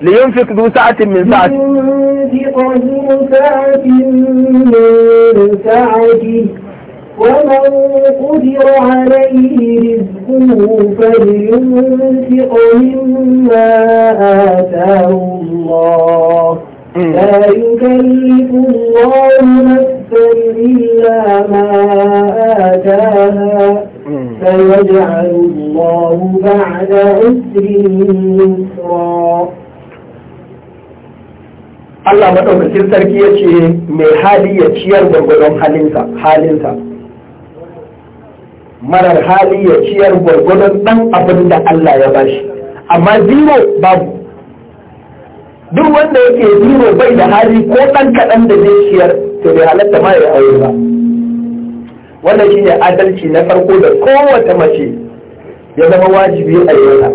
لينفق ذو سعة من سعته لينفق ذو سعة من سعته ومن قدر عليه رزقه فلينفق مما آتاه الله لا يكلف الله نفسا إلا ما آتاها سيجعل الله بعد عسر يسرا Allah madaukakin sarki ya ce mai hali ya ciyar gwargwadon halinsa halinsa marar hali ya ciyar gwargwadon ɗan abin da Allah ya bashi amma zero babu duk wanda yake zero bai da hali ko ɗan kaɗan da zai ciyar to bai halatta ma ya aure ba wannan shine adalci na farko da kowace mace ya zama wajibi a yana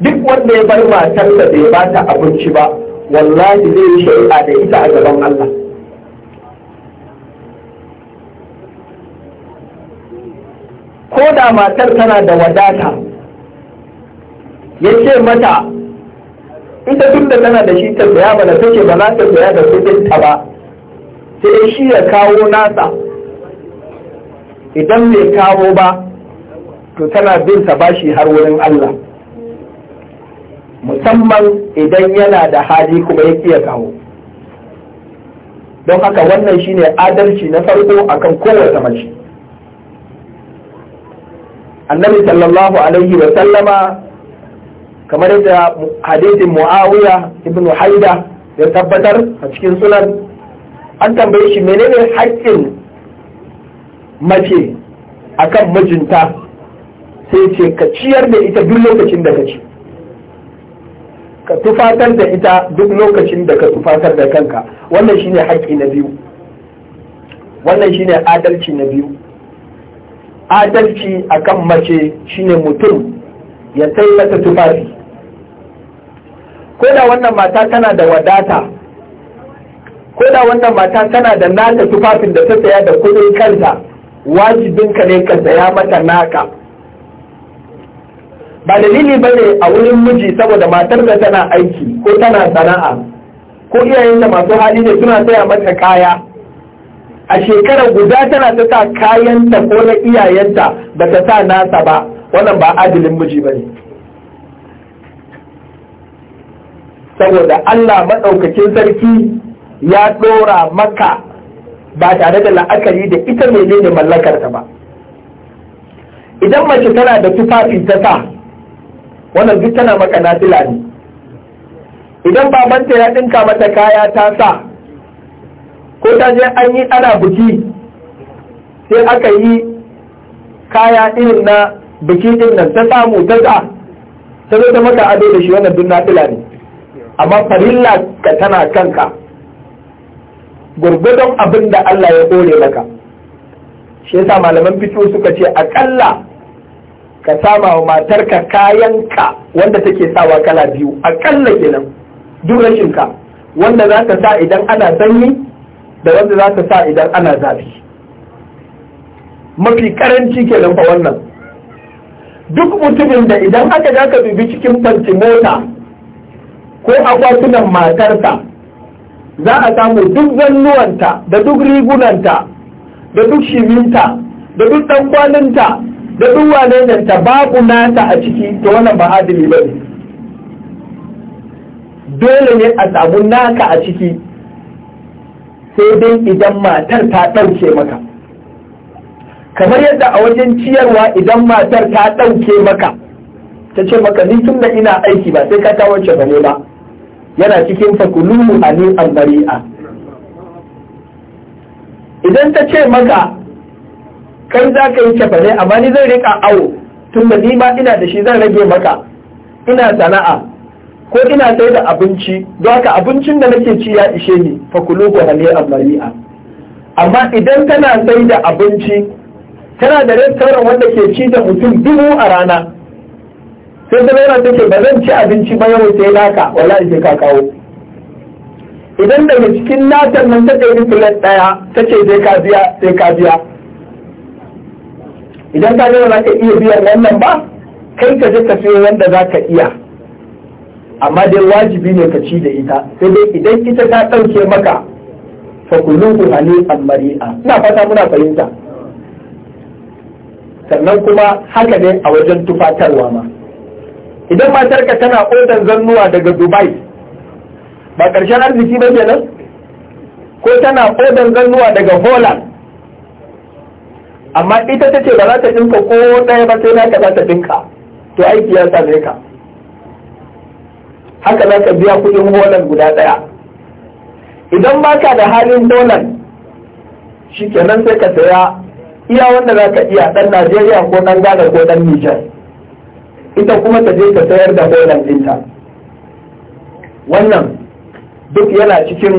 duk wanda ya bar matarsa bai bata abinci ba wallahi zai yi shari'a da ita a gaban Allah ko da matar tana da wadata ya ce mata ita duk da tana da shi ta saya ba da take ba za ta saya da kudinta ba sai shi ya kawo nasa idan bai kawo ba to tana bin ta bashi har wurin Allah musamman idan yana da hali kuma ya ya kawo don haka wannan shine adalci na farko akan kowace mace annabi sallallahu alaihi wa sallama kamar yadda hadisin muawiya ibnu haida ya tabbatar a cikin sunan an tambaye shi menene haƙƙin mace akan mijinta sai ce ka ciyar da ita duk lokacin da ka ci ka tufatar da ita duk lokacin da ka tufatar da kanka wannan shine haƙƙi na biyu wannan shine adalci na biyu adalci a kan mace shine mutum ya tallata tufafi ko da wannan mata tana da wadata ko da wannan mata tana da nata tufafin da ta saya da kudin kanta wajibinka ne ka saya mata naka ba dalili ba ne a wurin miji saboda matar da tana aiki ko tana sana'a ko iyayen da masu hali ne suna saya mata kaya a shekarar guda tana ta sa kayanta ko na iyayenta ba ta sa nasa ba wannan ba adilin miji ba ne saboda Allah maɗaukakin sarki ya ɗora maka ba tare da la'akari da ita menene mallakarta ba idan mace tana da tufafi ta sa wannan duk tana maka nasila ne idan babanta ya ɗinka mata kaya ta sa ko ta je an yi ana biki sai aka yi kaya irin na buki din nan ta samu ta za ta zo ta maka ado da shi wannan duk fila ne amma farilla ka tana kanka gurgudun abin da Allah ya kore maka shi yasa malaman fito suka ce akalla ka sama wa matarka kayanka wanda take sawa kala biyu akalla kenan duk rashin ka wanda za ka sa idan ana sanyi da wanda za ta sa idan ana zafi mafi karanci ke fa wannan duk mutumin da idan aka ja ka dubi cikin banci mota ko akwatunan matarsa za a samu duk zannuwanta da duk rigunanta da duk shiminta da duk ɗankwalinta da duk walenanta babu nata a ciki to wannan ba ba ne dole ne a samu naka a ciki sai dai idan matar ta ɗauke maka kamar yadda a wajen ciyarwa idan matar ta ɗauke maka ta ce maka ni tun da ina aiki ba sai ka ta wance ne ba yana cikin fakulu a ani albari'a idan ta ce maka kai za ka yi ne amma ni zai rika awo tun da ni ma ina da shi zan rage maka ina sana'a ko ina sai da abinci don haka abincin da nake ci ya ishe ni fa kulu wa hali amariya amma idan kana sai da abinci tana da restaurant wanda ke ci da mutum dubu a rana sai ta yana take ba zan ci abinci ba yau sai naka wallahi sai ka kawo idan daga cikin natan nan ta ɗaya filet ɗaya ta ce sai ka biya sai ka biya idan ka gaba za ka iya biyan wannan ba kai ka je ka siyo wanda za ka iya amma dai wajibi ne ka ci da ita sai dai idan ita ta ɗauke maka fa hali hani'an mari'a ina fata muna fahimta sannan kuma haka ne a wajen tufatarwa ma idan matarka tana odan zannuwa daga dubai ba ƙarshen arziki ba kenan ko tana odan zannuwa daga holland amma ita ta ce ba za ta dinka ko ɗaya ba sai naka za ta dinka to aiki ya same ka haka za ka biya kuɗin holan guda ɗaya idan baka da halin shi kenan sai ka saya iya wanda za ka iya ɗan najeriya ko ɗan ghana ko ɗan nijar ita kuma ta je ta sayar da holan ɗinta wannan duk yana cikin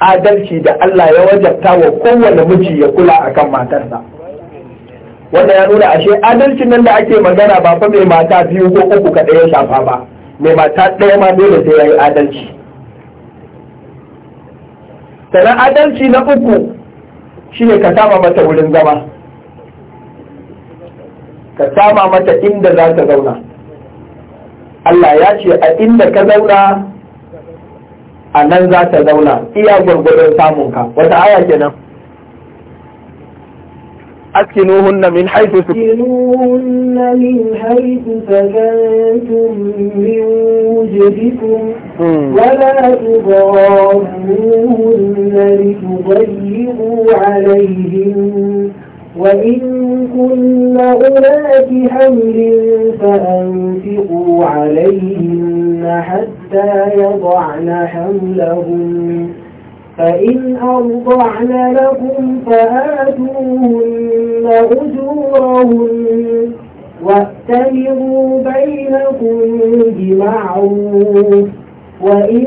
adalci da Allah ya wajabta wa kowane miji ya kula akan matarsa wanda ya nuna ashe adalcin nan da ake magana ba fa mai mata biyu ko uku kaɗai ya shafa ba mai mata ɗaya ma dole sai ya yi adalci sannan adalci na uku shi ne ka sama mata wurin zama ka sama mata inda za ta zauna Allah ya ce a inda ka zauna a nan za ta zauna iya gwargwadon samunka wata aya kenan أسكنوهن من حيث سكنتم من حيث سكنتم من وجدكم ولا تضاروهن لتضيقوا عليهم وإن كن أولاك حمل فأنفقوا عليهن حتى يضعن حملهن فإن أرضعن لكم فآتوهن أجورهن واتمروا بينكم بمعروف وإن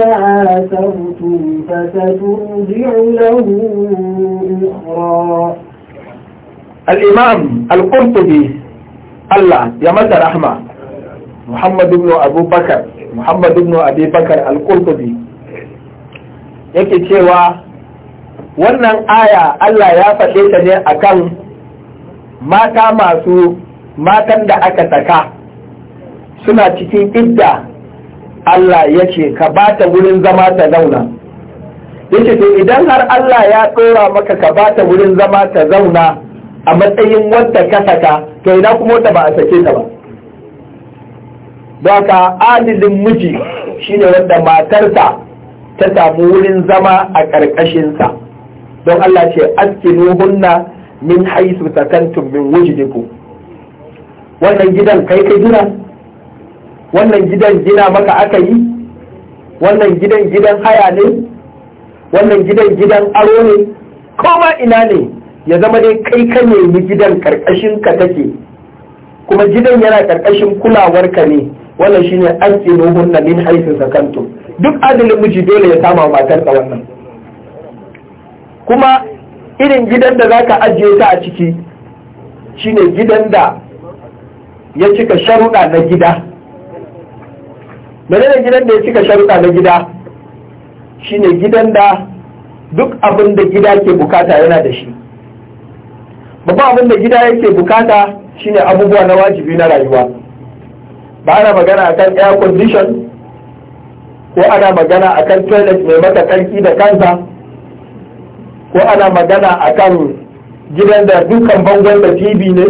تعاثرتم فسترضع له أخرى الإمام القرطبي الله يا مدى رحمة محمد بن أبو بكر محمد بن أبي بكر القرطبي yake cewa wannan aya Allah ya faɗe ta ne akan mata masu matan da aka saka suna cikin idda Allah ya ce ka bata wurin zama ta zauna yake to idan har Allah ya ɗora maka ka bata wurin zama ta zauna a matsayin wadda ka saka to ina kuma wadda ba a sake ta ba Ba ka adilin miji shine wadda matarsa ta samu wurin zama a ƙarƙashinsa don Allah ce askinu hunna min haisu sakantum min wujidiku wannan gidan kai ka gina wannan gidan gina maka aka yi wannan gidan gidan haya ne wannan gidan gidan aro ne koma ina ne ya zama dai kai ka nemi gidan ƙarƙashin ka take kuma gidan yana ƙarƙashin kulawarka ne wannan shine askinu hunna min haisu sakantum duk adalin miji dole ya sama matarsa wannan kuma irin gidan da zaka ajiye ta a ciki shine gidan da ya cika sharuɗa na gida menene gidan da ya cika sharuɗa na gida shine gidan da duk abin da gida ke bukata yana da shi babban abin da gida yake bukata shine abubuwa na wajibi na rayuwa ba ana magana akan air condition ko ana magana a kan toilet mai mata karki da kansa ko ana magana a kan gidan da dukan bangon da tv ne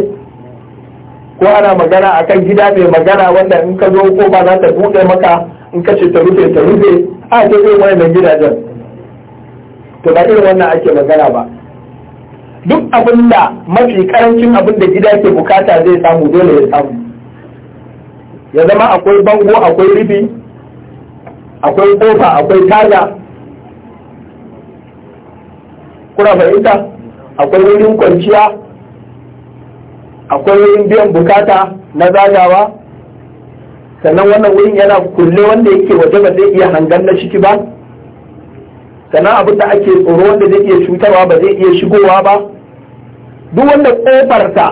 ko ana magana a kan gida mai magana wanda in ka zo ko ba za ta buɗe maka in ka ce ta rufe ta rufe a ce zai mai gidajen to ba irin wannan ake magana ba duk abin da mafi karancin abin da gida ke bukata zai samu dole ya samu ya zama akwai bango akwai rufi akwai kofa akwai taga kuna fahimta akwai wurin kwanciya akwai wurin biyan bukata na zagawa sannan wannan wurin yana kulle wanda yake waje ba zai iya hangar na ciki ba sannan abin da ake tsoro wanda zai iya cutarwa ba zai iya shigowa ba duk wanda kofarta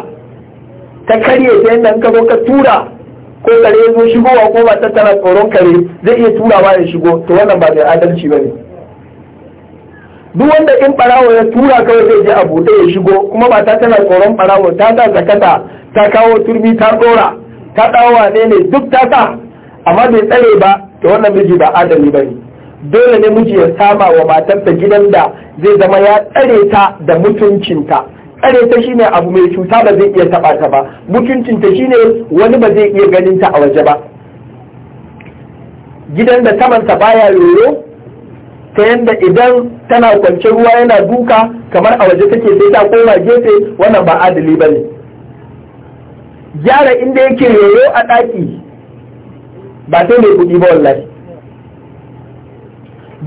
ta karye ta yadda ka zo ka tura ko kare zo shigo wa ko ba tattara tsoron kare zai iya turawa ya shigo to wannan ba mai adalci ba ne duk wanda in barawo ya tura kawai zai je a buɗe ya shigo kuma ba ta tana tsoron barawo ta sa zakata ta kawo turmi ta ɗora ta dawo ne ne duk ta sa amma bai tsare ba to wannan miji ba adali ba ne dole ne miji ya sama wa matarsa gidan da zai zama ya tsare ta da mutuncinta tsare ta shine abu mai cuta ba zai iya taba ta ba mutuncin ta shine wani ba zai iya ganin ta a waje ba gidan da samansa baya yoro, ta yadda idan tana kwance ruwa yana duka kamar a waje take sai ta koma gefe wannan ba adali ba ne gyara inda yake yoro a ɗaki ba sai mai kuɗi ba wallahi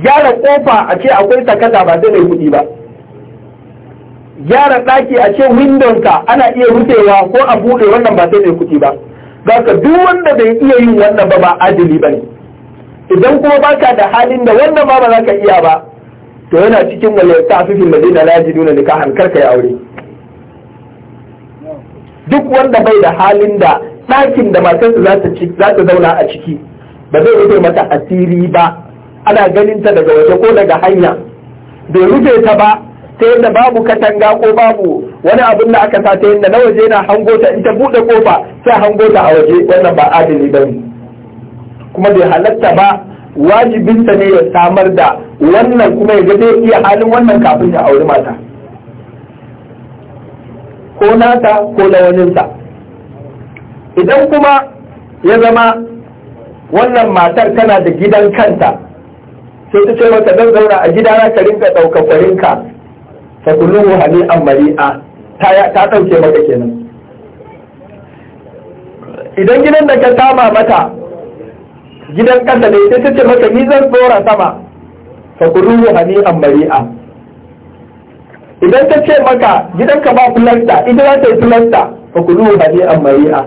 gyara kofa a ce akwai takada ba sai mai kuɗi ba gyara ɗaki a ce windon ka ana iya rufewa ko a buɗe wannan ba sai mai kuɗi ba ga ka duk wanda bai iya yin wannan ba ba adili ba ne idan kuma baka da halin da wannan ba ba za ka iya ba to yana cikin wale fi madina la ji nuna nikahan kar ka yi aure duk wanda bai da halin da ɗakin da matarsa za ta zauna a ciki ba zai rufe mata asiri ba ana ganin ta daga waje ko daga hanya bai rufe ta ba ta yadda babu katanga ko babu wani abin da aka sa ta yadda na waje na hango ta in ta buɗe kofa sai hango ta a waje wannan ba adali ba kuma bai halatta ba wajibinsa ne ya samar da wannan kuma ya zai iya halin wannan kafin ya auri mata ko nata ko na waninsa idan kuma ya zama wannan matar tana da gidan kanta sai ta ce mata zan zauna a gidana ka rinka ɗauka kwarinka fa kulluhu hani'an mari'a ta dauke maka kenan idan gidan da ka kama mata gidan ƙasa ne sai ta ce maka ni zan tsora sama fa kulluhu hani'an mari'a idan ta ce maka gidan ka ba fulasta idan za ta yi fulasta fa kulluhu hani'an mari'a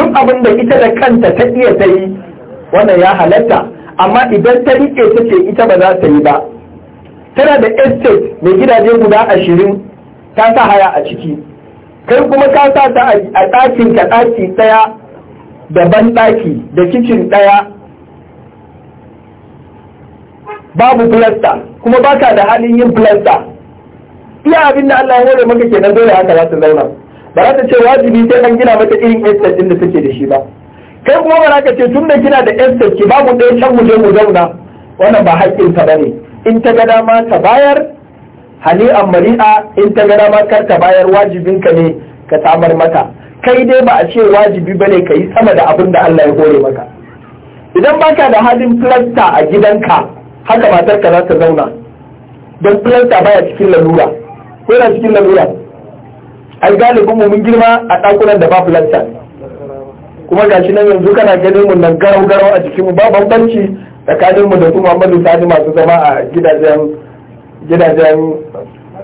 duk abin da ita da kanta ta iya ta yi wannan ya halatta amma idan ta rike ta ce ita ba za ta yi ba tana da estate mai gidaje guda ashirin ta sa haya a ciki kai kuma ka sa ta a ɗakin ka ɗaki ɗaya da ban ɗaki da kicin ɗaya babu plasta kuma baka da halin yin plasta iya abin da Allah ya ware maka kenan dole haka za ta zauna ba za ta ce wajibi sai an gina mata irin estate din da take da shi ba kai kuma ba za ka ce tun da kina da estate ki babu ɗaya can mu je mu zauna wannan ba haƙƙinka ba ne in ta ga dama ka bayar hali mari'a in ta ga dama kar ka bayar wajibinka ne ka samar mata kai dai ba a ce wajibi bane ka yi sama da abin da Allah ya hore maka idan baka da halin filasta a gidanka haka matar ka za ta zauna don filasta baya cikin lalura ko na cikin lalura ai galibin mu mun girma a ɗakunan da ba filasta kuma gashi nan yanzu kana ganin mu nan garau garau a jikin mu ba bambanci tsakanin mu da su Muhammadu Sani masu zama a gidajen gidajen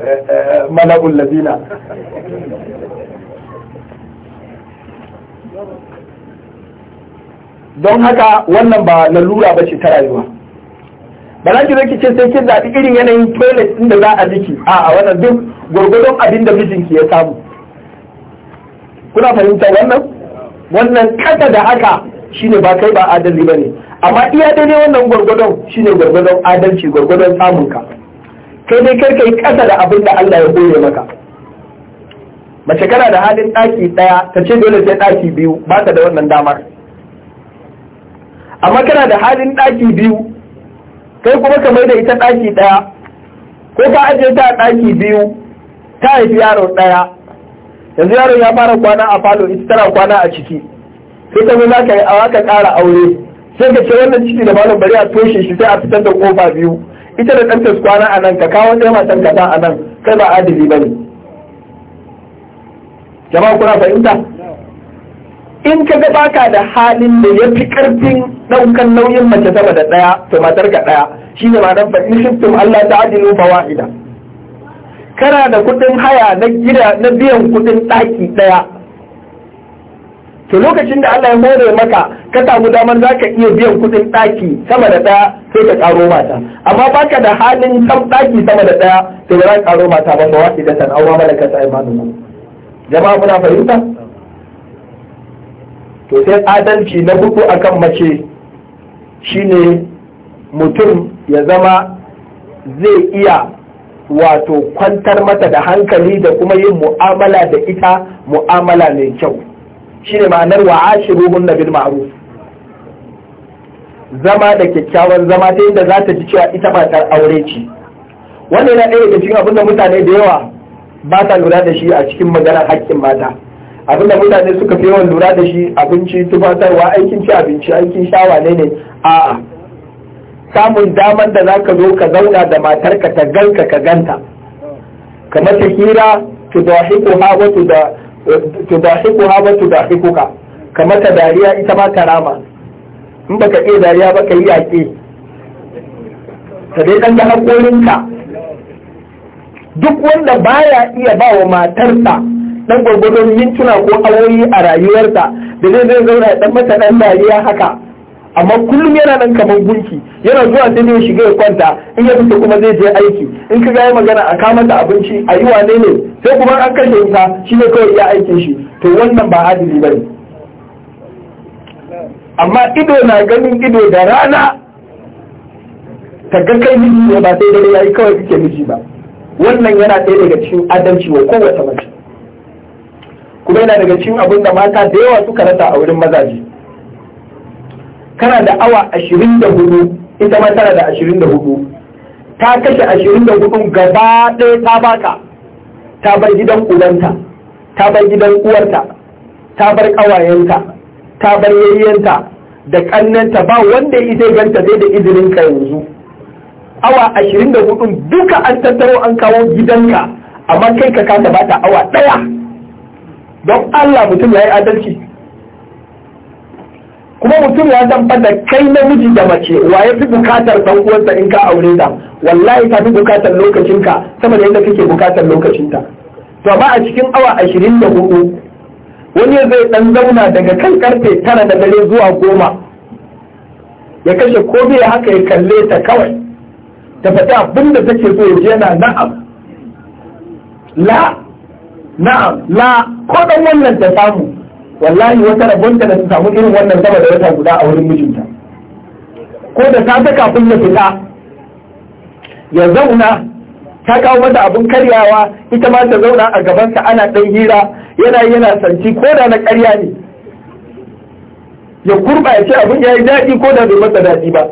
eh, eh, mala'ul don haka wannan ba lalura ba ce ta rayuwa ba na ki ce sai kin zaɓi irin yanayin toilet inda za a jiki a a wannan duk gwargwadon abin da mijinki ya samu kuna fahimtar wannan wannan kasa da haka shine ba kai ba adali ba ne amma iya dai wannan gwargwadon ne gwargwadon adalci gwargwadon samun ka kai dai kar kai kasa da abin da Allah ya koye maka mace kana da halin ɗaki ɗaya ta ce dole sai ɗaki biyu ba ta da wannan damar amma kana da halin ɗaki biyu kai kuma ka mai da ita ɗaki ɗaya ko ka ajiye ta ɗaki biyu ta haifi yaro ɗaya yanzu yaron ya fara kwana a falo ita tana kwana a ciki sai ta za ka yi awa ka ƙara aure sai ka ce wannan ciki da malam bari a toshe shi sai a fitar da kofa biyu ita da ɗan kwana a nan ka kawo ɗaya matan kasa a nan kai ba adabi ba ne jama'a kuna fahimta in ka ga baka da halin da ya fi ƙarfin ɗaukan nauyin mace sama da ɗaya to matar ka ɗaya shi ne ma nan fa'in Allah ta adilu wa'ida kana da kuɗin haya na gida na biyan kuɗin ɗaki ɗaya to lokacin da Allah ya more maka ka samu damar za ka iya biyan kudin ɗaki sama da ɗaya sai ka ƙaro mata amma baka da halin sam ɗaki sama da ɗaya to ba za ka ƙaro mata ba ba wasu da san awwa malaka ta imanu jama'a kuna fahimta to sai adalci na hudu akan mace shine mutum ya zama zai iya wato kwantar mata da hankali da kuma yin mu'amala da ita mu'amala mai kyau shine ma'anar wa ashiruhunna bil ma'ruf zama da kyakkyawan zama ta yadda za ta ji cewa ita ta aure ce wannan yana ɗaya daga cikin abin da mutane da yawa ba sa lura da shi a cikin maganar haƙƙin mata abin da mutane suka fi yawan lura da shi abinci tufatarwa aikin ci abinci aikin shawa ne ne a'a samun damar da za ka zo ka zauna da matarka ta ganka ka ganta kamar ta hira tu da ha wato da tudahikuha ba tudahikuka ka mata dariya ita ma ta rama in baka iya dariya ba ka yi yaƙi ka dai ɗan da haƙorinka duk wanda baya iya ba wa matarsa ɗan gwargwadon mintuna ko awoyi a rayuwarsa da zai zai zauna ɗan mata ɗan dariya haka amma kullum yana nan kamar gunki yana zuwa sai ya shiga ya kwanta in ya fita kuma zai je aiki in ka gaya magana a kama da abinci a yi wane ne sai kuma an kashe wuta shi ne kawai ya aikin shi to wannan ba adili ba ne amma ido na ganin ido da rana ta ga kai miji ne ba sai dare yayi kawai kike miji ba wannan yana ɗaya daga cikin adalci wa kowace mace kuma yana daga cikin abin da mata da yawa suka rasa a wurin mazaje kana da awa ashirin da hudu ita ma tana da ashirin da hudu ta kashe ashirin da hudun gaba ɗaya ta baka ta bar gidan ubanta ta bar gidan uwarta ta bar ƙawayenta ta bar yayyenta da ƙannenta ba wanda ita ganta sai da izinin ka yanzu awa ashirin da hudun duka an tattaro an kawo gidanka amma kai ka kasa bata awa ɗaya don Allah mutum ya yi adalci kuma mutum ya zamba da kai namiji da mace wa ya fi bukatar ɗan uwansa in ka aure ta wallahi ta fi bukatar lokacinka sama da yadda kake bukatar lokacinta to amma a cikin awa ashirin da hudu wani zai ɗan zauna daga kan karfe tara da dare zuwa goma ya kashe ko bai haka ya kalle ta kawai ta fita abinda take so ya je na na'am la na'am la ko dan wannan ta samu wallahi wata rabon da su samu irin wannan sama da wata guda a wurin mijinta ko da safe kafin ya fita ya zauna ta kawo mata abin karyawa ita ma ta zauna a gabansa ana ɗan hira yana yana sanci ko da na karya ne ya kurba ya ce abin ya yi daɗi ko da bai masa daɗi ba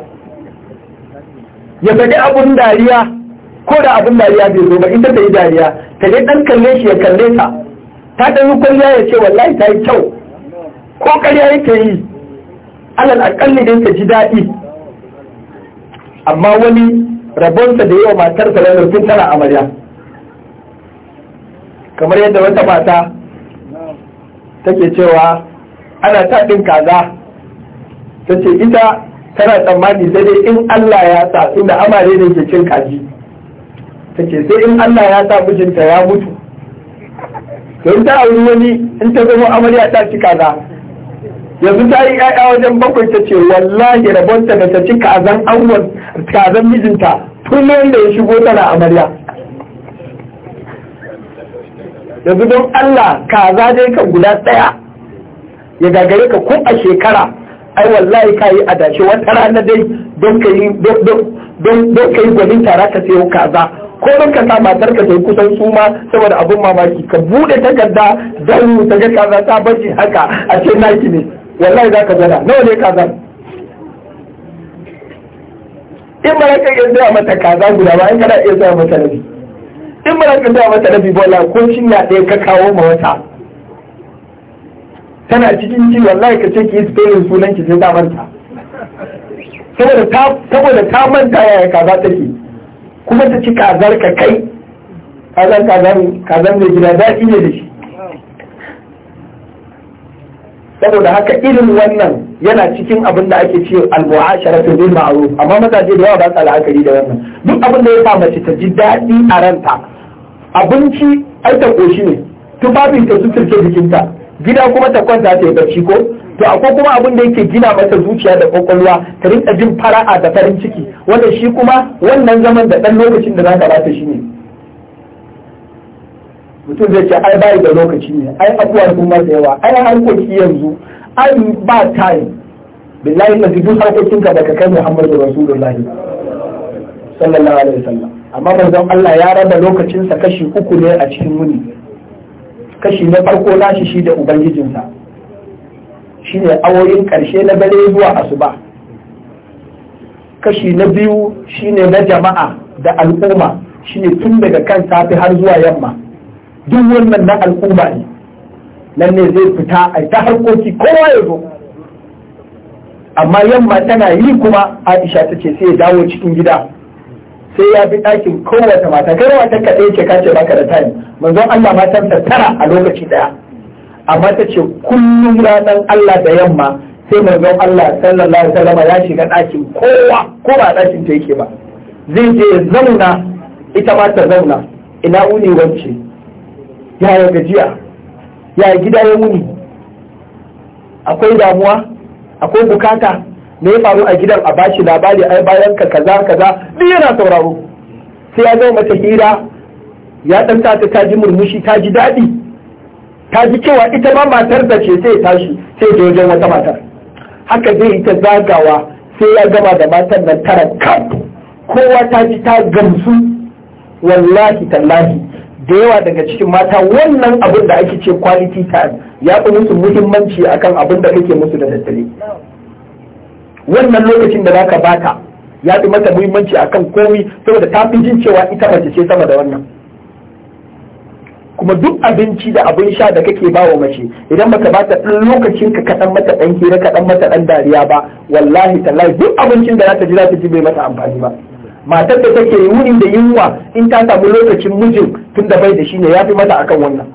ya faɗi abin dariya ko da abin dariya bai zo ba ita ta yi dariya ta je ɗan kalle shi ya kalle ta ta ɗan yi kwalliya ya ce wallahi ta yi kyau ko ya yake yi alal akalli da yake ji daɗi amma wani rabonsa da yawa matarsa ranar tun tana amarya kamar yadda wata mata take cewa ana taɗin kaza ta ce ita tana tsammani sai dai in Allah ya sa inda amare ne ke cin kaji ta ce sai in Allah ya sa mijinta ya mutu to in ta auri wani in ta zama amarya ta ci kaza yanzu ta yi 'ya'ya wajen bakwai ta ce wallahi rabon da ta ci kazan angon kazan mijinta tun da ya shigo tana amarya yanzu don Allah kaza dai kan guda ɗaya ya gagare ka ko a shekara ai wallahi ka yi adashi wata rana dai don ka yi gwanin tara ka sayo kaza ko don ka sa matar ka sai kusan suma saboda abin mamaki ka bude takarda don ta ga kaza ta bashi haka a ce naki ne wallahi za ka gwada nawa ne kaza in ba ka iya zuwa mata kaza guda ba in kana iya zuwa mata rabi in ba ka zuwa mata rabi ba wallahi ko ya ɗaya ka kawo ma wata tana cikin ci wallahi ka ce ki yi spelling sunan ki sai ta manta saboda ta saboda ta manta yaya kaza take kuma ta ci kazar ka kai kazan kazan kazan mai gida daɗi ne da shi saboda haka irin wannan yana cikin abin da ake ce al sharafin bil ma'ruf amma mazaje da yawa ba su la'akari da wannan duk abin da ya sa mace ta ji daɗi a ranta abinci ai ta koshi ne tufafin ta suturce jikinta gida kuma ta kwanta ta yi bacci ko to akwai kuma abin da yake gina mata zuciya da kwakwalwa ta rinka jin fara'a da farin ciki wanda shi kuma wannan zaman da ɗan lokacin da za ka ba ta shi ne mutum zai ce ai bai da lokaci ne ai abuwa sun masa yawa ai harkoki yanzu ai ba time billahi na zidu harkokin ka baka kai Muhammadu Rasulullahi sallallahu alaihi wasallam amma manzon Allah ya raba lokacinsa kashi uku ne a cikin muni kashi na farko nashi shi da ubangijinsa shine awoyin karshe na dare zuwa asuba kashi na biyu shine na jama'a da al'umma shine tun daga kan safi har zuwa yamma duk wannan na al'umma ne nan ne zai fita a ta harkoki kowa ya zo amma yamma tana yi kuma aisha ta ce sai ya dawo cikin gida sai ya bi ɗakin kowace mata kai rawa ta kaɗai ce kace baka da tayi manzon Allah matan ta tara a lokaci daya amma ta ce kullum ranar Allah da yamma sai manzon Allah sallallahu alaihi wasallam ya shiga ɗakin kowa ko ba ɗakin ta yake ba zai je zauna ita ma ta zauna ina uni wacce yaya gajiya yaya gida ya muni? akwai damuwa akwai bukata me ya faru a gidan a bashi labari ai bayan ka kaza kaza duk yana sauraro sai ya zama mata hira ya dan ta ta ji murmushi ta ji daɗi ta ji cewa ita ma matar da ce sai tashi sai je wajen wata matar haka zai yi ita zagawa sai ya gama da matar nan tara kaf kowa ta ji ta gamsu wallahi tallahi da yawa daga cikin mata wannan abin da ake ce quality time ya fi musu muhimmanci akan abin da kake musu da daddare wannan lokacin da zaka bata ya fi mata muhimmanci akan komi saboda ta fi jin cewa ita mace ce sama da wannan kuma duk abinci da abin sha da kake bawa mace idan baka bata ɗan lokacin ka kaɗan mata ɗan hira kaɗan mata ɗan dariya ba wallahi tallahi duk abincin da za ta ji za ta ji bai mata amfani ba matar da take wuni da yunwa in ta samu lokacin mijin tun da bai da shi ne ya fi mata akan wannan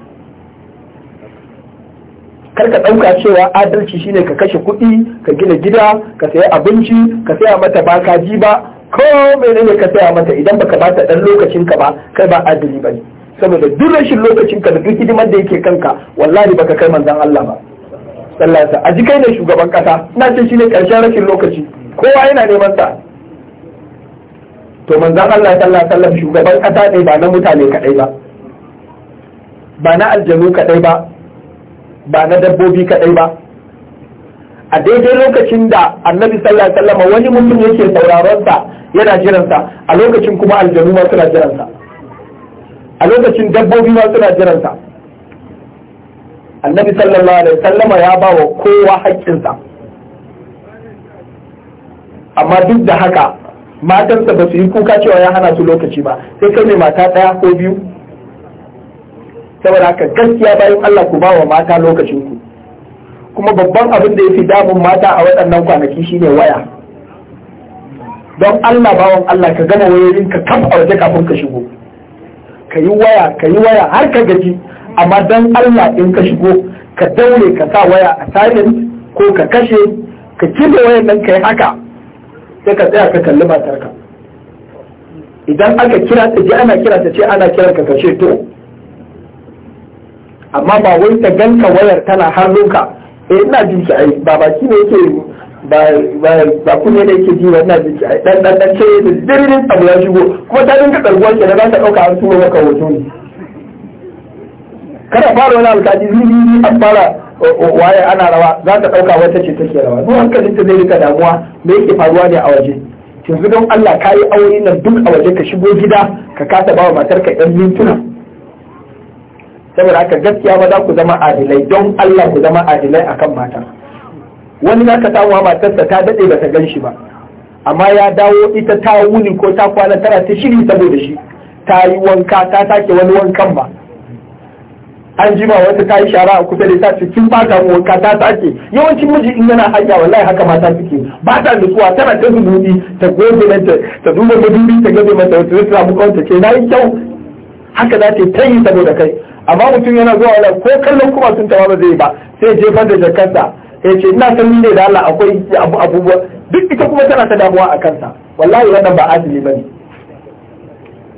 kar ka ɗauka cewa adalci shine ka kashe kuɗi ka gina gida ka sayi abinci ka saya mata ba ka ji ba ko menene ka saya mata idan baka ba ta ɗan lokacin ka ba kai ba adali ba saboda duk rashin lokacin ka da duk hidimar da yake kanka wallahi baka kai manzon Allah ba sallallahu a ji kai ne shugaban kasa ina ce shine karshen rashin lokaci kowa yana neman sa to manzan Allah sallallahu alaihi wasallam shugaban kasa ne ba na mutane kadai ba ba na aljanu kadai ba ba na dabbobi kadai ba a daidai lokacin da annabi sallallahu alaihi wasallam wani mutum yake sauraron sa yana jiran sa a lokacin kuma aljanu ma suna jiran sa a lokacin dabbobi ma suna jiran sa annabi sallallahu alaihi wasallam ya ba wa kowa haƙƙinsa amma duk da haka matansa ba su yi kuka cewa ya hana su lokaci ba sai kai ne mata ɗaya ko biyu saboda haka gaskiya bayan Allah ku ba wa mata lokacin ku kuma babban abin da ya fi damun mata a waɗannan kwanaki shine waya don Allah bawan Allah ka gama wayoyin ka kaf a waje kafin ka shigo ka yi waya ka yi waya har ka gaji amma don Allah in ka shigo ka daure ka sa waya a silent ko ka kashe ka kibe wayan nan ka yi haka sai ka tsaya ka kalli matarka idan aka kira ta ji ana kira ta ce ana kira ka kashe to amma ba wai ta ganka wayar tana hannunka eh ina jin ki ai ba baki ne yake ba ba ba kunne ne yake ji ba ina jin ki ai dan dan dan ce da dirin abu ya shigo kuma ta dinka dalguwa ke da za ta dauka an tura maka hoto ne kada fara wani ni ni an fara waye ana rawa za ka ɗauka wata ce take rawa duk hankalin ta zai rika damuwa me yake faruwa ne a waje yanzu don Allah ka yi aure nan duk a waje ka shigo gida ka kasa bawa matarka yan mintuna saboda haka gaskiya ba za ku zama adilai don Allah ku zama adilai akan mata wani za ka samu matarsa ta daɗe ba ta gan shi ba amma ya dawo ita ta wuni ko ta kwana tana ta shiri saboda shi ta yi wanka ta sake wani wankan ba an jima wata ta yi shara a kusa da ta ce kin bata mu wanka ta sake yawancin miji in yana hanya wallahi haka mata suke ba ta nutsuwa tana ta zunubi ta gobe mata ta duba madubi ta gobe mata wata zai samu kawanta ce na yi kyau haka za ta ta yi saboda kai amma mutum yana zuwa wala ko kallon kuma sun tawa ba zai ba sai jefar da jakarta ya ce ina san ne da Allah akwai abubuwa duk ita kuma tana ta damuwa a kansa wallahi wannan ba adali bane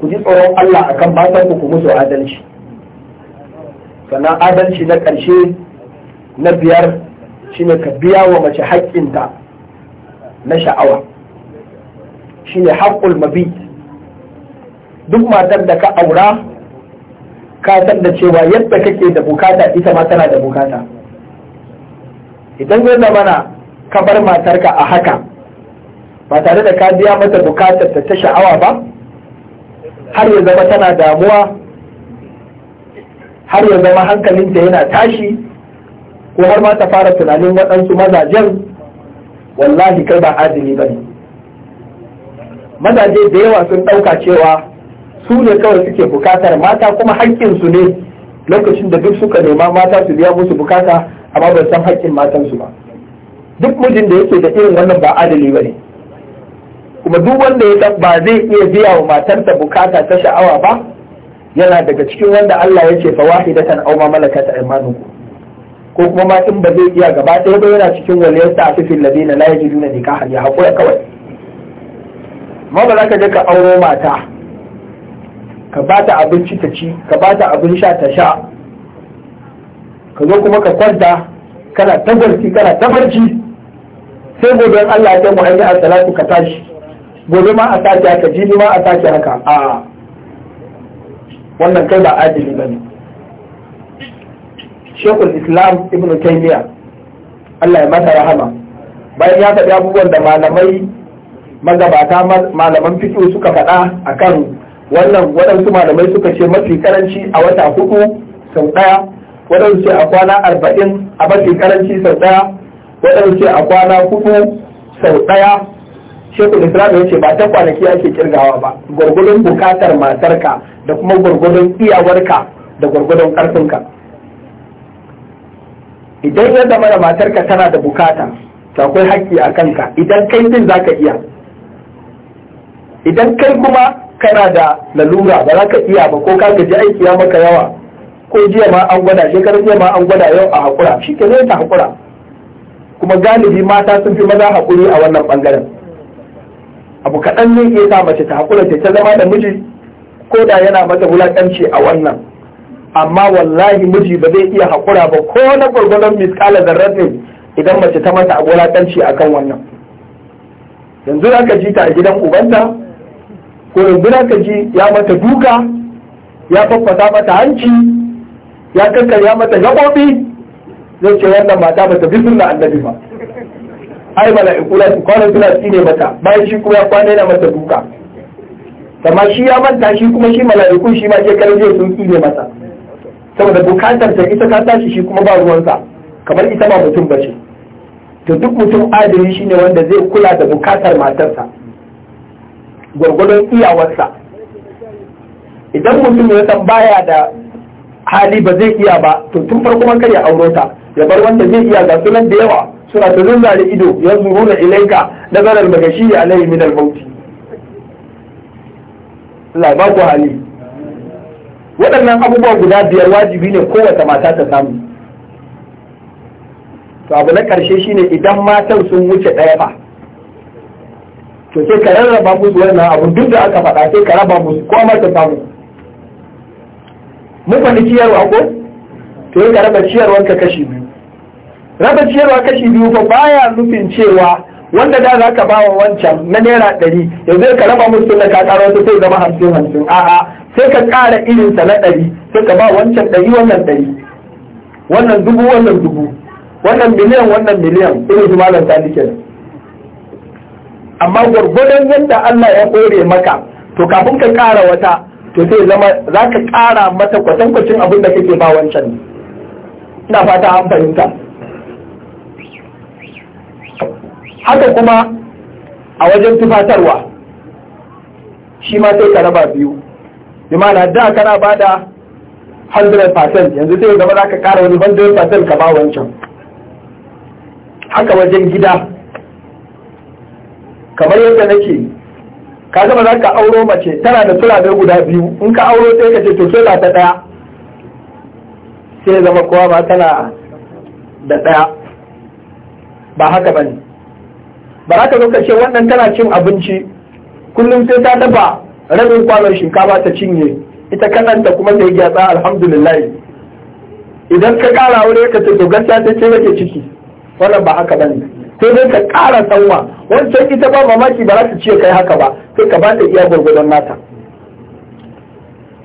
ku ji tsoron Allah akan matan ku ku musu adalci sannan adalci na ƙarshe na biyar shine ka biya wa mace haƙƙinta na sha'awa shine haƙƙul mabi duk matar da ka aura ka san da cewa yadda kake da bukata ita ma tana da bukata idan ya mana ka bar matarka a haka ba tare da ka biya mata bukatar ta sha'awa ba har ya zama tana damuwa har ya zama hankalinta yana tashi ko har ma ta fara tunanin waɗansu mazajen wallahi kai ba azumi ba ne mazaje da yawa sun ɗauka cewa su ne kawai suke bukatar mata kuma haƙƙinsu ne lokacin da duk suka nema mata su biya musu bukata amma ban san haƙƙin matansu ba duk mijin da yake da irin wannan ba adali ba ne kuma duk wanda ya ba zai iya biya wa matarsa bukata ta sha'awa ba yana daga cikin wanda Allah ya ce fa wahidatan aw ma malakat aymanukum ko kuma ma in ba zai iya gaba ɗaya ba yana cikin waliyar ta afifin ladina la yajiduna nikahan ya haƙura kawai ma ba za ka je ka auro mata ka ba ta abinci ta ci ka ba ta abin sha ta sha ka zo kuma ka kwanta kana tabarci kana tabarci sai gobe Allah ya taimaka mu ainihin salatu ka tashi gobe ma a sake haka jibi ma a sake haka a'a wannan kai ba adili ba ne shekul islam ibn taymiya allah ya mata rahama bayan ya faɗi abubuwan da malamai magabata malaman fito suka faɗa a kan wannan waɗansu malamai suka ce mafi karanci a wata hudu sau ɗaya waɗansu ce a kwana arba'in a mafi karanci sau ɗaya waɗansu ce a kwana hudu sau ɗaya shekul islam ya ce ba ta kwanaki ake kirgawa ba gwargwadon bukatar matarka da kuma gwargwadon iyawarka da gwargwadon ƙarfinka idan ya zama da matarka tana da bukata to akwai haƙƙi a kanka idan kai din za ka iya idan kai kuma kana da lalura ba za ka iya ba ko ka gaji aiki ya maka yawa ko jiya ma an gwada shekarar jiya ma an gwada yau a haƙura shi ke zai ta haƙura kuma galibi mata sun fi maza haƙuri a wannan ɓangaren abu kaɗan ne ke sa mace ta haƙura ta zama da miji ko da yana mata wulakanci a wannan amma wallahi miji ba zai iya haƙura ba ko na gwargwadon miskala zarratin idan mace ta mata wulakanci a kan wannan yanzu za ka ji ta a gidan ubanta ko yanzu za ka ji ya mata duka ya faffasa mata hanci ya kankan ya mata gaɓoɓi zai ce wannan mata ba ta bi sunna annabi ba ai mala'iku la su kwana suna tsine mata bayan shi kuma ya kwana yana mata duka kama shi ya manta shi kuma shi mala'ikun shi ma ke zai sun ne masa saboda bukatar ta ita ka tashi shi kuma ba ruwansa kamar ita ba mutum bace to duk mutum adali shine wanda zai kula da bukatar matarsa gwargwadon iyawarsa idan mutum ya san baya da hali ba zai iya ba to tun farko man ya auro ta ya bar wanda zai iya ga sunan da yawa suna ta zunzare ido ya zuru da ilaika nazarar magashi alaihi min al-mauti Allah ku hali waɗannan abubuwa guda biyar wajibi ne kowace mata ta samu to abu na ƙarshe shine idan matan sun wuce ɗaya fa to sai ka rarraba musu wannan abu duk da aka faɗa sai ka raba musu ko amma ta samu mun faɗi ciyarwa ko to sai ka raba wanka kashi biyu raba ciyarwa kashi biyu fa baya nufin cewa wanda da za ka ba wa wancan na naira ɗari yanzu ka raba musu da ka ƙara wasu sai zama hamsin hamsin a'a sai ka ƙara irinsa na ɗari sai ka ba wancan ɗari wannan ɗari wannan dubu wannan dubu wannan miliyan wannan miliyan irin su malam sani nike amma gwargwadon yadda Allah ya kore maka to kafin ka ƙara wata to sai zama za ka ƙara mata kwatankwacin abin da kake ba wancan ina fata an fahimta haka kuma a wajen tufatarwa shi ma sai ka raba biyu bi ma'ana da kana da 100% yanzu sai gaba za ka kara wani 100% ka ba wancan haka wajen gida kamar yadda nake ka zama za ka auro mace tana da turabe guda biyu in ka auro sai ka ce to sai ta daya sai zama kowa ba tana da daya ba haka bane ba za ka zo ka ce wannan tana cin abinci kullum sai ta dafa rabin kwanon shinkafa ta cinye ita kananta kuma ta yi gyatsa alhamdulillah idan ka kara wuri ka ce to gaskiya ta ce nake ciki wannan ba haka bane sai dai ka kara sanwa wancan ita ba mamaki ba za ta ce kai haka ba sai ka ba ta iya gwargwadon nata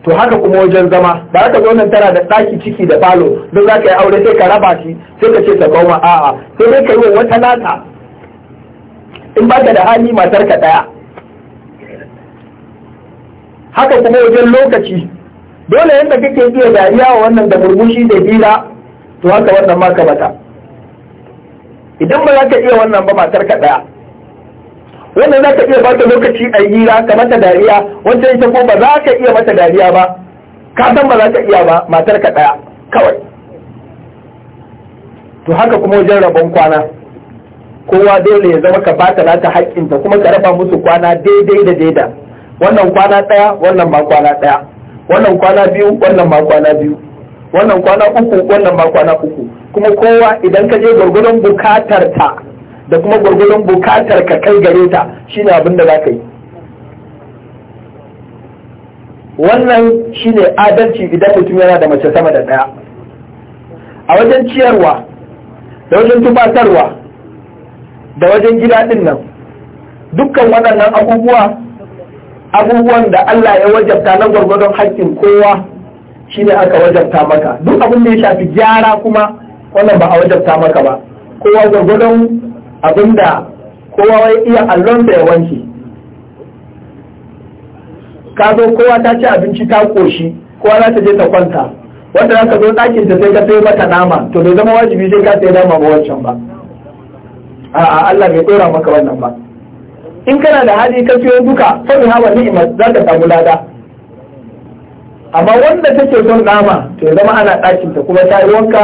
to haka kuma wajen zama ba ka zo nan tana da ɗaki ciki da falo don za ka yi aure sai ka raba shi sai ka ce ta goma a'a sai dai ka yi wa wata nata in ba ka da hali matar ka ɗaya haka kuma wajen lokaci dole yadda kake iya dariya wa wannan da murmushi da hira to haka wannan ma ka bata idan ba za ka iya wannan ba matar ka ɗaya wannan za ka iya bata lokaci a hira ka mata dariya wancan ita ko ba za ka iya mata dariya ba ka san ba za ka iya ba matar ka ɗaya kawai to haka kuma wajen rabon kwana kowa dole ya zama ka bata nata haƙƙinta kuma ka raba musu kwana daidai da daida wannan kwana ɗaya wannan ma kwana ɗaya wannan kwana biyu wannan ma kwana biyu wannan kwana uku wannan ma kwana uku kuma kowa idan ka je gwargwadon bukatar ta da kuma gwargwadon bukatar ka kai gare ta shine abin da za ka yi wannan shine adalci idan mutum yana da mace sama da ɗaya a wajen ciyarwa da wajen tubatarwa da wajen gida ɗin nan dukkan waɗannan abubuwa abubuwan da Allah ya wajabta na gwargwadon haƙƙin kowa shine aka wajabta maka duk abin da ya shafi gyara kuma wannan ba a wajabta maka ba kowa gwargwadon abin da kowa ya iya allon da ya wanke ka zo kowa ta ci abinci ta koshi kowa za ta je ta kwanta wanda za ka zo ɗakin ta sai ka sai mata nama to bai zama wajibi sai ka sai nama ba wancan ba a'a Allah bai dora maka wannan ba in kana da hali ka siyo duka fa ni hawa ni'ima za ka samu lada amma wanda take son nama to ya zama ana ɗakin ta kuma ta yi wanka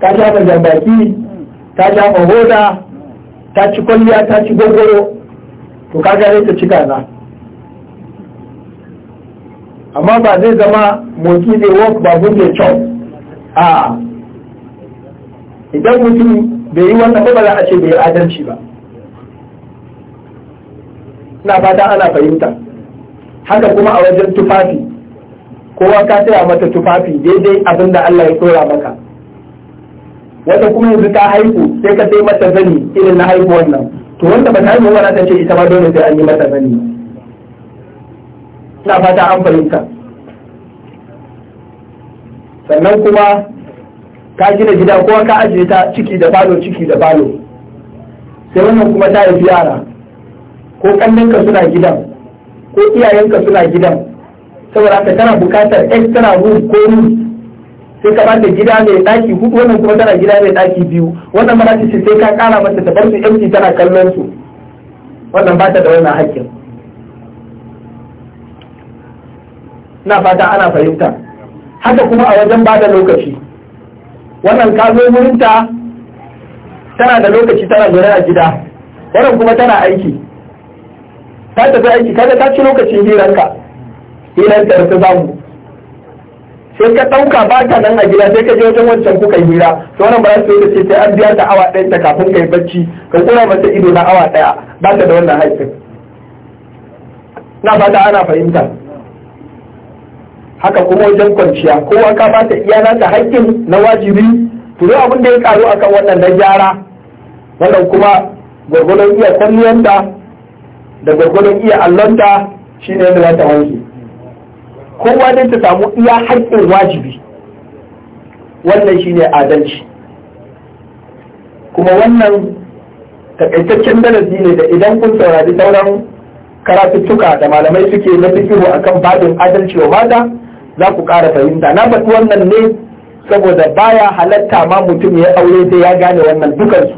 ta shafa jambaki ta shafa hoda ta ci kwalliya ta ci gogoro to ka gare ta ci na. amma ba zai zama motsi ne wok ba bude chow a idan mutum bai yi wannan ba za a ce bai adalci ba ina fata ana fahimta haka kuma a wajen tufafi kowa ka saya mata tufafi daidai abin da Allah ya tsora maka wata kuma yanzu ta haihu sai ka sai mata zani irin na haihuwan nan to wanda ba ta haihu ba ta ce ita ma dole sai an yi mata zani ina fata an fahimta sannan kuma ka gina gida ko ka ajiye ta ciki da falo ciki da falo sai wannan kuma ta haifi yara ko kannanka suna gidan ko iyayenka suna gidan saboda ka tana bukatar extra room ko room sai ka bata gida mai daki hudu wannan kuma tana gida mai daki biyu wannan mara ce sai ka kara mata ta bar su yanki tana kallon su wannan bata da wannan hakkin na fata ana fahimta haka kuma a wajen bada lokaci wannan ka zo wurinta tana da lokaci tana zaune a gida wannan kuma tana aiki ta tafi aiki kaga ta ci lokacin hiranka hiranka da ta samu sai ka ɗauka ba ta nan a gida sai ka je wajen wancan kuka hira to wannan ba za su yi sai an biya ta awa ɗaya ta kafin ka yi bacci ka kura mata ido na awa ɗaya ba ta da wannan haifin. na fata ana fahimta haka kuma wajen kwanciya kowa ka ba ta iya nata haƙƙin na wajibi to duk abin da ya karu akan wannan na gyara wannan kuma gwargwadon iya kwalliyanta da gwargwadon iya allonta shine yadda za ta wanke kowa dai ta samu iya haƙƙin wajibi wannan shine adalci kuma wannan takaitaccen darasi ne da idan kun saurari sauran karatuttuka da malamai suke na fikiru akan babin adalci wa mata za ku ƙara fahimta na batu wannan ne saboda baya halatta ma mutum ya aure sai ya gane wannan dukansu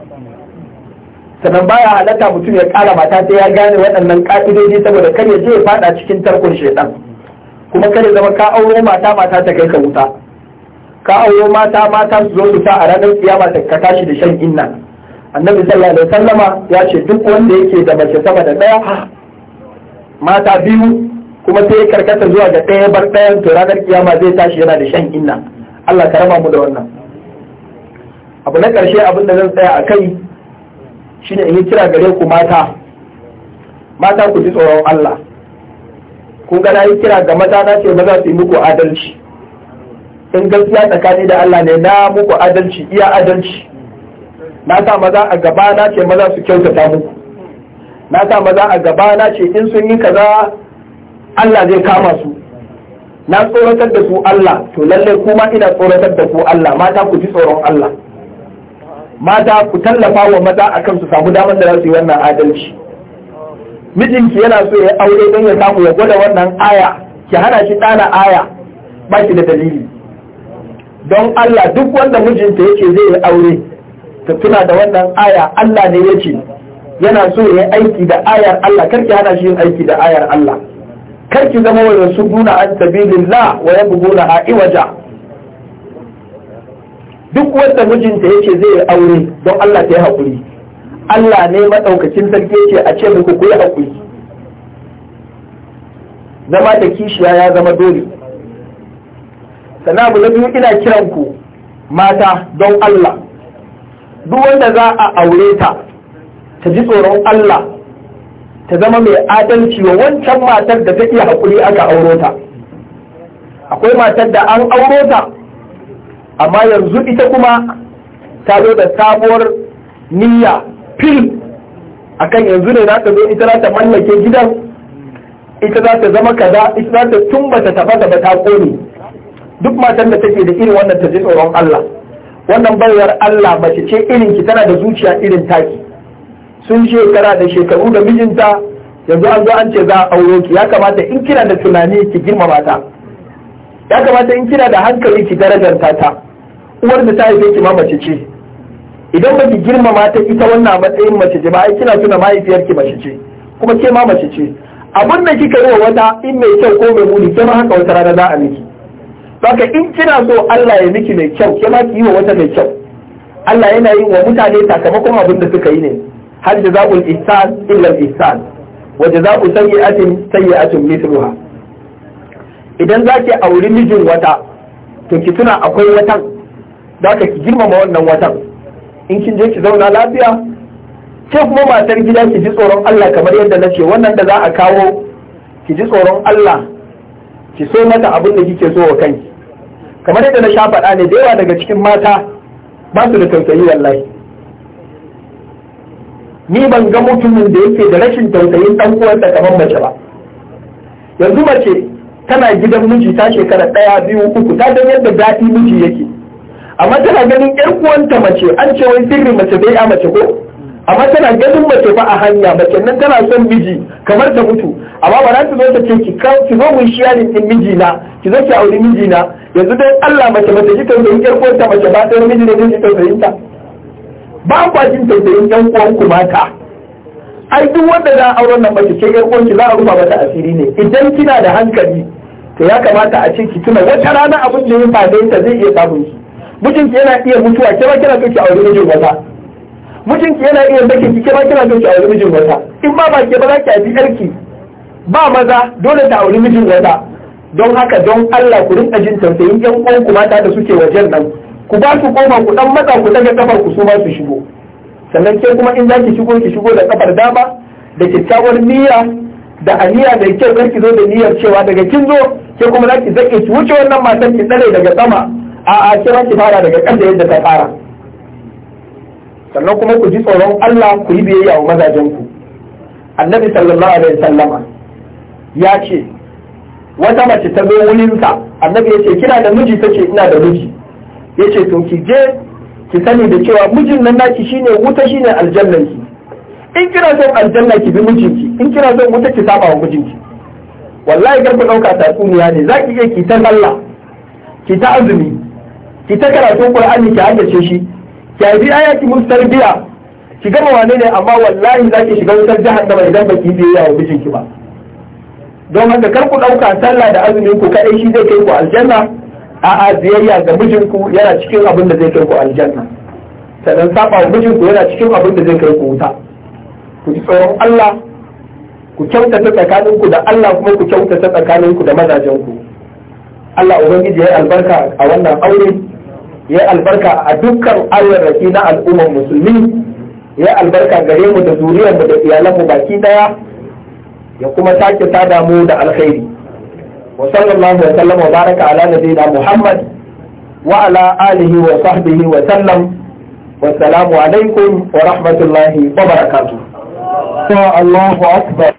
sannan baya halatta mutum ya ƙara mata sai ya gane waɗannan ƙa'idoji saboda kar ya je ya faɗa cikin tarkon shaidan kuma kar ya zama ka auro mata mata ta kai ka wuta ka auro mata mata su zo su ta a ranar kiyama ta ka tashi da shan inna annabi sallallahu alaihi wasallama ya ce duk wanda yake da mace sama da ɗaya mata biyu kuma sai karkata zuwa ga ɗaya bar ɗayan to ranar kiyama zai tashi yana da shan inna Allah ka rama mu da wannan abu na ƙarshe abin da zan tsaya a kai shine in yi kira gare ku mata mata ku ji tsoron Allah ku ga na yi kira ga maza na ce maza su yi muku adalci in gaskiya tsakani da Allah ne na muku adalci iya adalci na sa maza a gaba na ce maza su kyautata muku na sa maza a gaba na ce in sun yi kaza Allah zai kama su na tsoratar da su Allah to lallai kuma ina tsoratar da ku Allah mata ku ji tsoron Allah mata ku tallafa wa maza a kansu samu damar da za su yi wannan adalci mijinki yana so ya aure don ya samu ya gwada wannan aya ki hana shi ɗana aya ba shi da dalili don Allah duk wanda mijinta yake zai yi aure ta tuna da wannan aya Allah ne ya yana so ya aiki da ayar Allah kar ki hana shi yin aiki da ayar Allah kar ki zama wa duna an sabilillah wa yabghuna a iwaja duk wanda mijinta yake zai yi aure don Allah ta yi hakuri Allah ne madaukakin sarki yake a ce muku ku yi hakuri zama da kishiya ya zama dole sannan abu na ina kiran ku mata don Allah duk wanda za a aure ta ta ji tsoron Allah ta zama mai adalci wa wancan matar da ta iya haƙuri aka auro ta akwai matar da an auro ta amma yanzu ita kuma ta zo da sabuwar niyya fil akan yanzu ne za ta zo ita za ta mallake gidan ita za ta zama kaza ita za ta tumbata ta bata ba ta kone duk matan da take da irin wannan ta ji tsoron Allah wannan bayar Allah mace ce irin ki tana da zuciya irin taki sun shekara da shekaru da mijinta yanzu an zo an ce za a aure ki ya kamata in kina da tunani ki girmama ta ya kamata in kina da hankali ki darajanta ta uwar da ta haife ki ma mace ce idan ba ki girmama ta ita wannan matsayin mace ce ba ai kina tuna mahaifiyar ki mace ce kuma ke ma mace ce abin da kika yi wa wata in mai kyau ko mai muni ke ma haka wata rana za a miki Baka in kina so Allah ya miki mai kyau ke ma ki yi wa wata mai kyau Allah yana yi wa mutane sakamakon abin da suka yi ne hal jazaa'ul ihsan illa al ihsan wa jazaa'u sayyi'atin sayyi'atun mithluha idan zaki auri mijin wata to ki tuna akwai watan zaka ki girmama wannan watan in kin je ki zauna lafiya ke kuma matar gida ki ji tsoron Allah kamar yadda na ce wannan da za a kawo ki ji tsoron Allah ki so mata abin da kike so wa kanki kamar yadda na sha faɗa ne da yawa daga cikin mata ba su da tausayi wallahi ni ban ga mutumin da yake da rashin tausayin dan uwansa kamar mace ba yanzu mace tana gidan miji ta shekara ɗaya biyu uku ta dan yadda daɗi miji yake amma tana ganin ƴar uwanta mace an ce wai sirri mace bai a mace ko amma tana ganin mace ba a hanya mace nan tana son miji kamar ta mutu amma ba za ta zo ta ce ki ki zo mu shi yarin din miji na ki zo ki auri miji na yanzu dai Allah mace mace ki tausayin ƴar uwanta mace ba ta miji ne ki tausayin ta ba kwa jin tausayin ɗan uwan ku mata ai duk wanda za a auren nan mace ce uwan ki za a rufa mata asiri ne idan kina da hankali to ya kamata a ce ki tuna wata rana abin da ya faɗe ta zai iya samun ki mijinki yana iya mutuwa kira kira so ki aure mijin wata mijinki yana iya bakin ki kira kira so ki aure mijin wata in ba ba ke ba za ki abi yarki ba maza dole ta aure mijin wata don haka don Allah ku rinka jin tausayin uwan ku mata da suke wajen nan ku ba su koma ku dan matsa ku daga kafar ku su ba su shigo sannan ke kuma in zaki shigo ki shigo da kafar dama da kyakkyawar niyya da aniya da kyau kar ki zo da niyyar cewa daga kin zo ke kuma zaki zake ki wuce wannan matan ki tsare daga sama a a kira ki fara daga kan da yadda ta fara sannan kuma ku ji tsoron Allah ku yi biyayya wa mazajen ku annabi sallallahu alaihi wasallama ya ce wata mace ta zo wurinsa annabi ya ce kina da miji tace ina da miji Ya ce to ki je ki sani da cewa mijin nan naki shine wuta shine aljannan ki in kina son aljanna ki bi mijinki in kina son wuta ki saba wa mijinki wallahi garba dauka tatsuniya ne zaki iya ki ta sallah ki ta azumi ki ta karatun qur'ani ki haddace shi ki bi ayati mustarbiya ki gama wane ne amma wallahi zaki shiga wutar jahannama idan baki biyayya wa mijinki ba don haka kar ku dauka sallah da azumin ku kaɗai shi zai kai ku aljanna a'a ziyayya ga mijinku yana cikin abin da zai kai ku aljanna sannan saba wa mijinku yana cikin abin da zai kai ku wuta ku ji tsoron Allah ku kyautata tsakaninku da Allah kuma ku kyautata tsakaninku da mazajenku Allah ubangiji ya albarka a wannan aure ya albarka a dukkan ayyarraki na al'ummar musulmi ya albarka gare mu da zuriyar mu da mu baki daya ya kuma sake sada mu da alkhairi وصلى الله وسلم وبارك على نبينا محمد وعلى آله وصحبه وسلم والسلام عليكم ورحمة الله وبركاته الله أكبر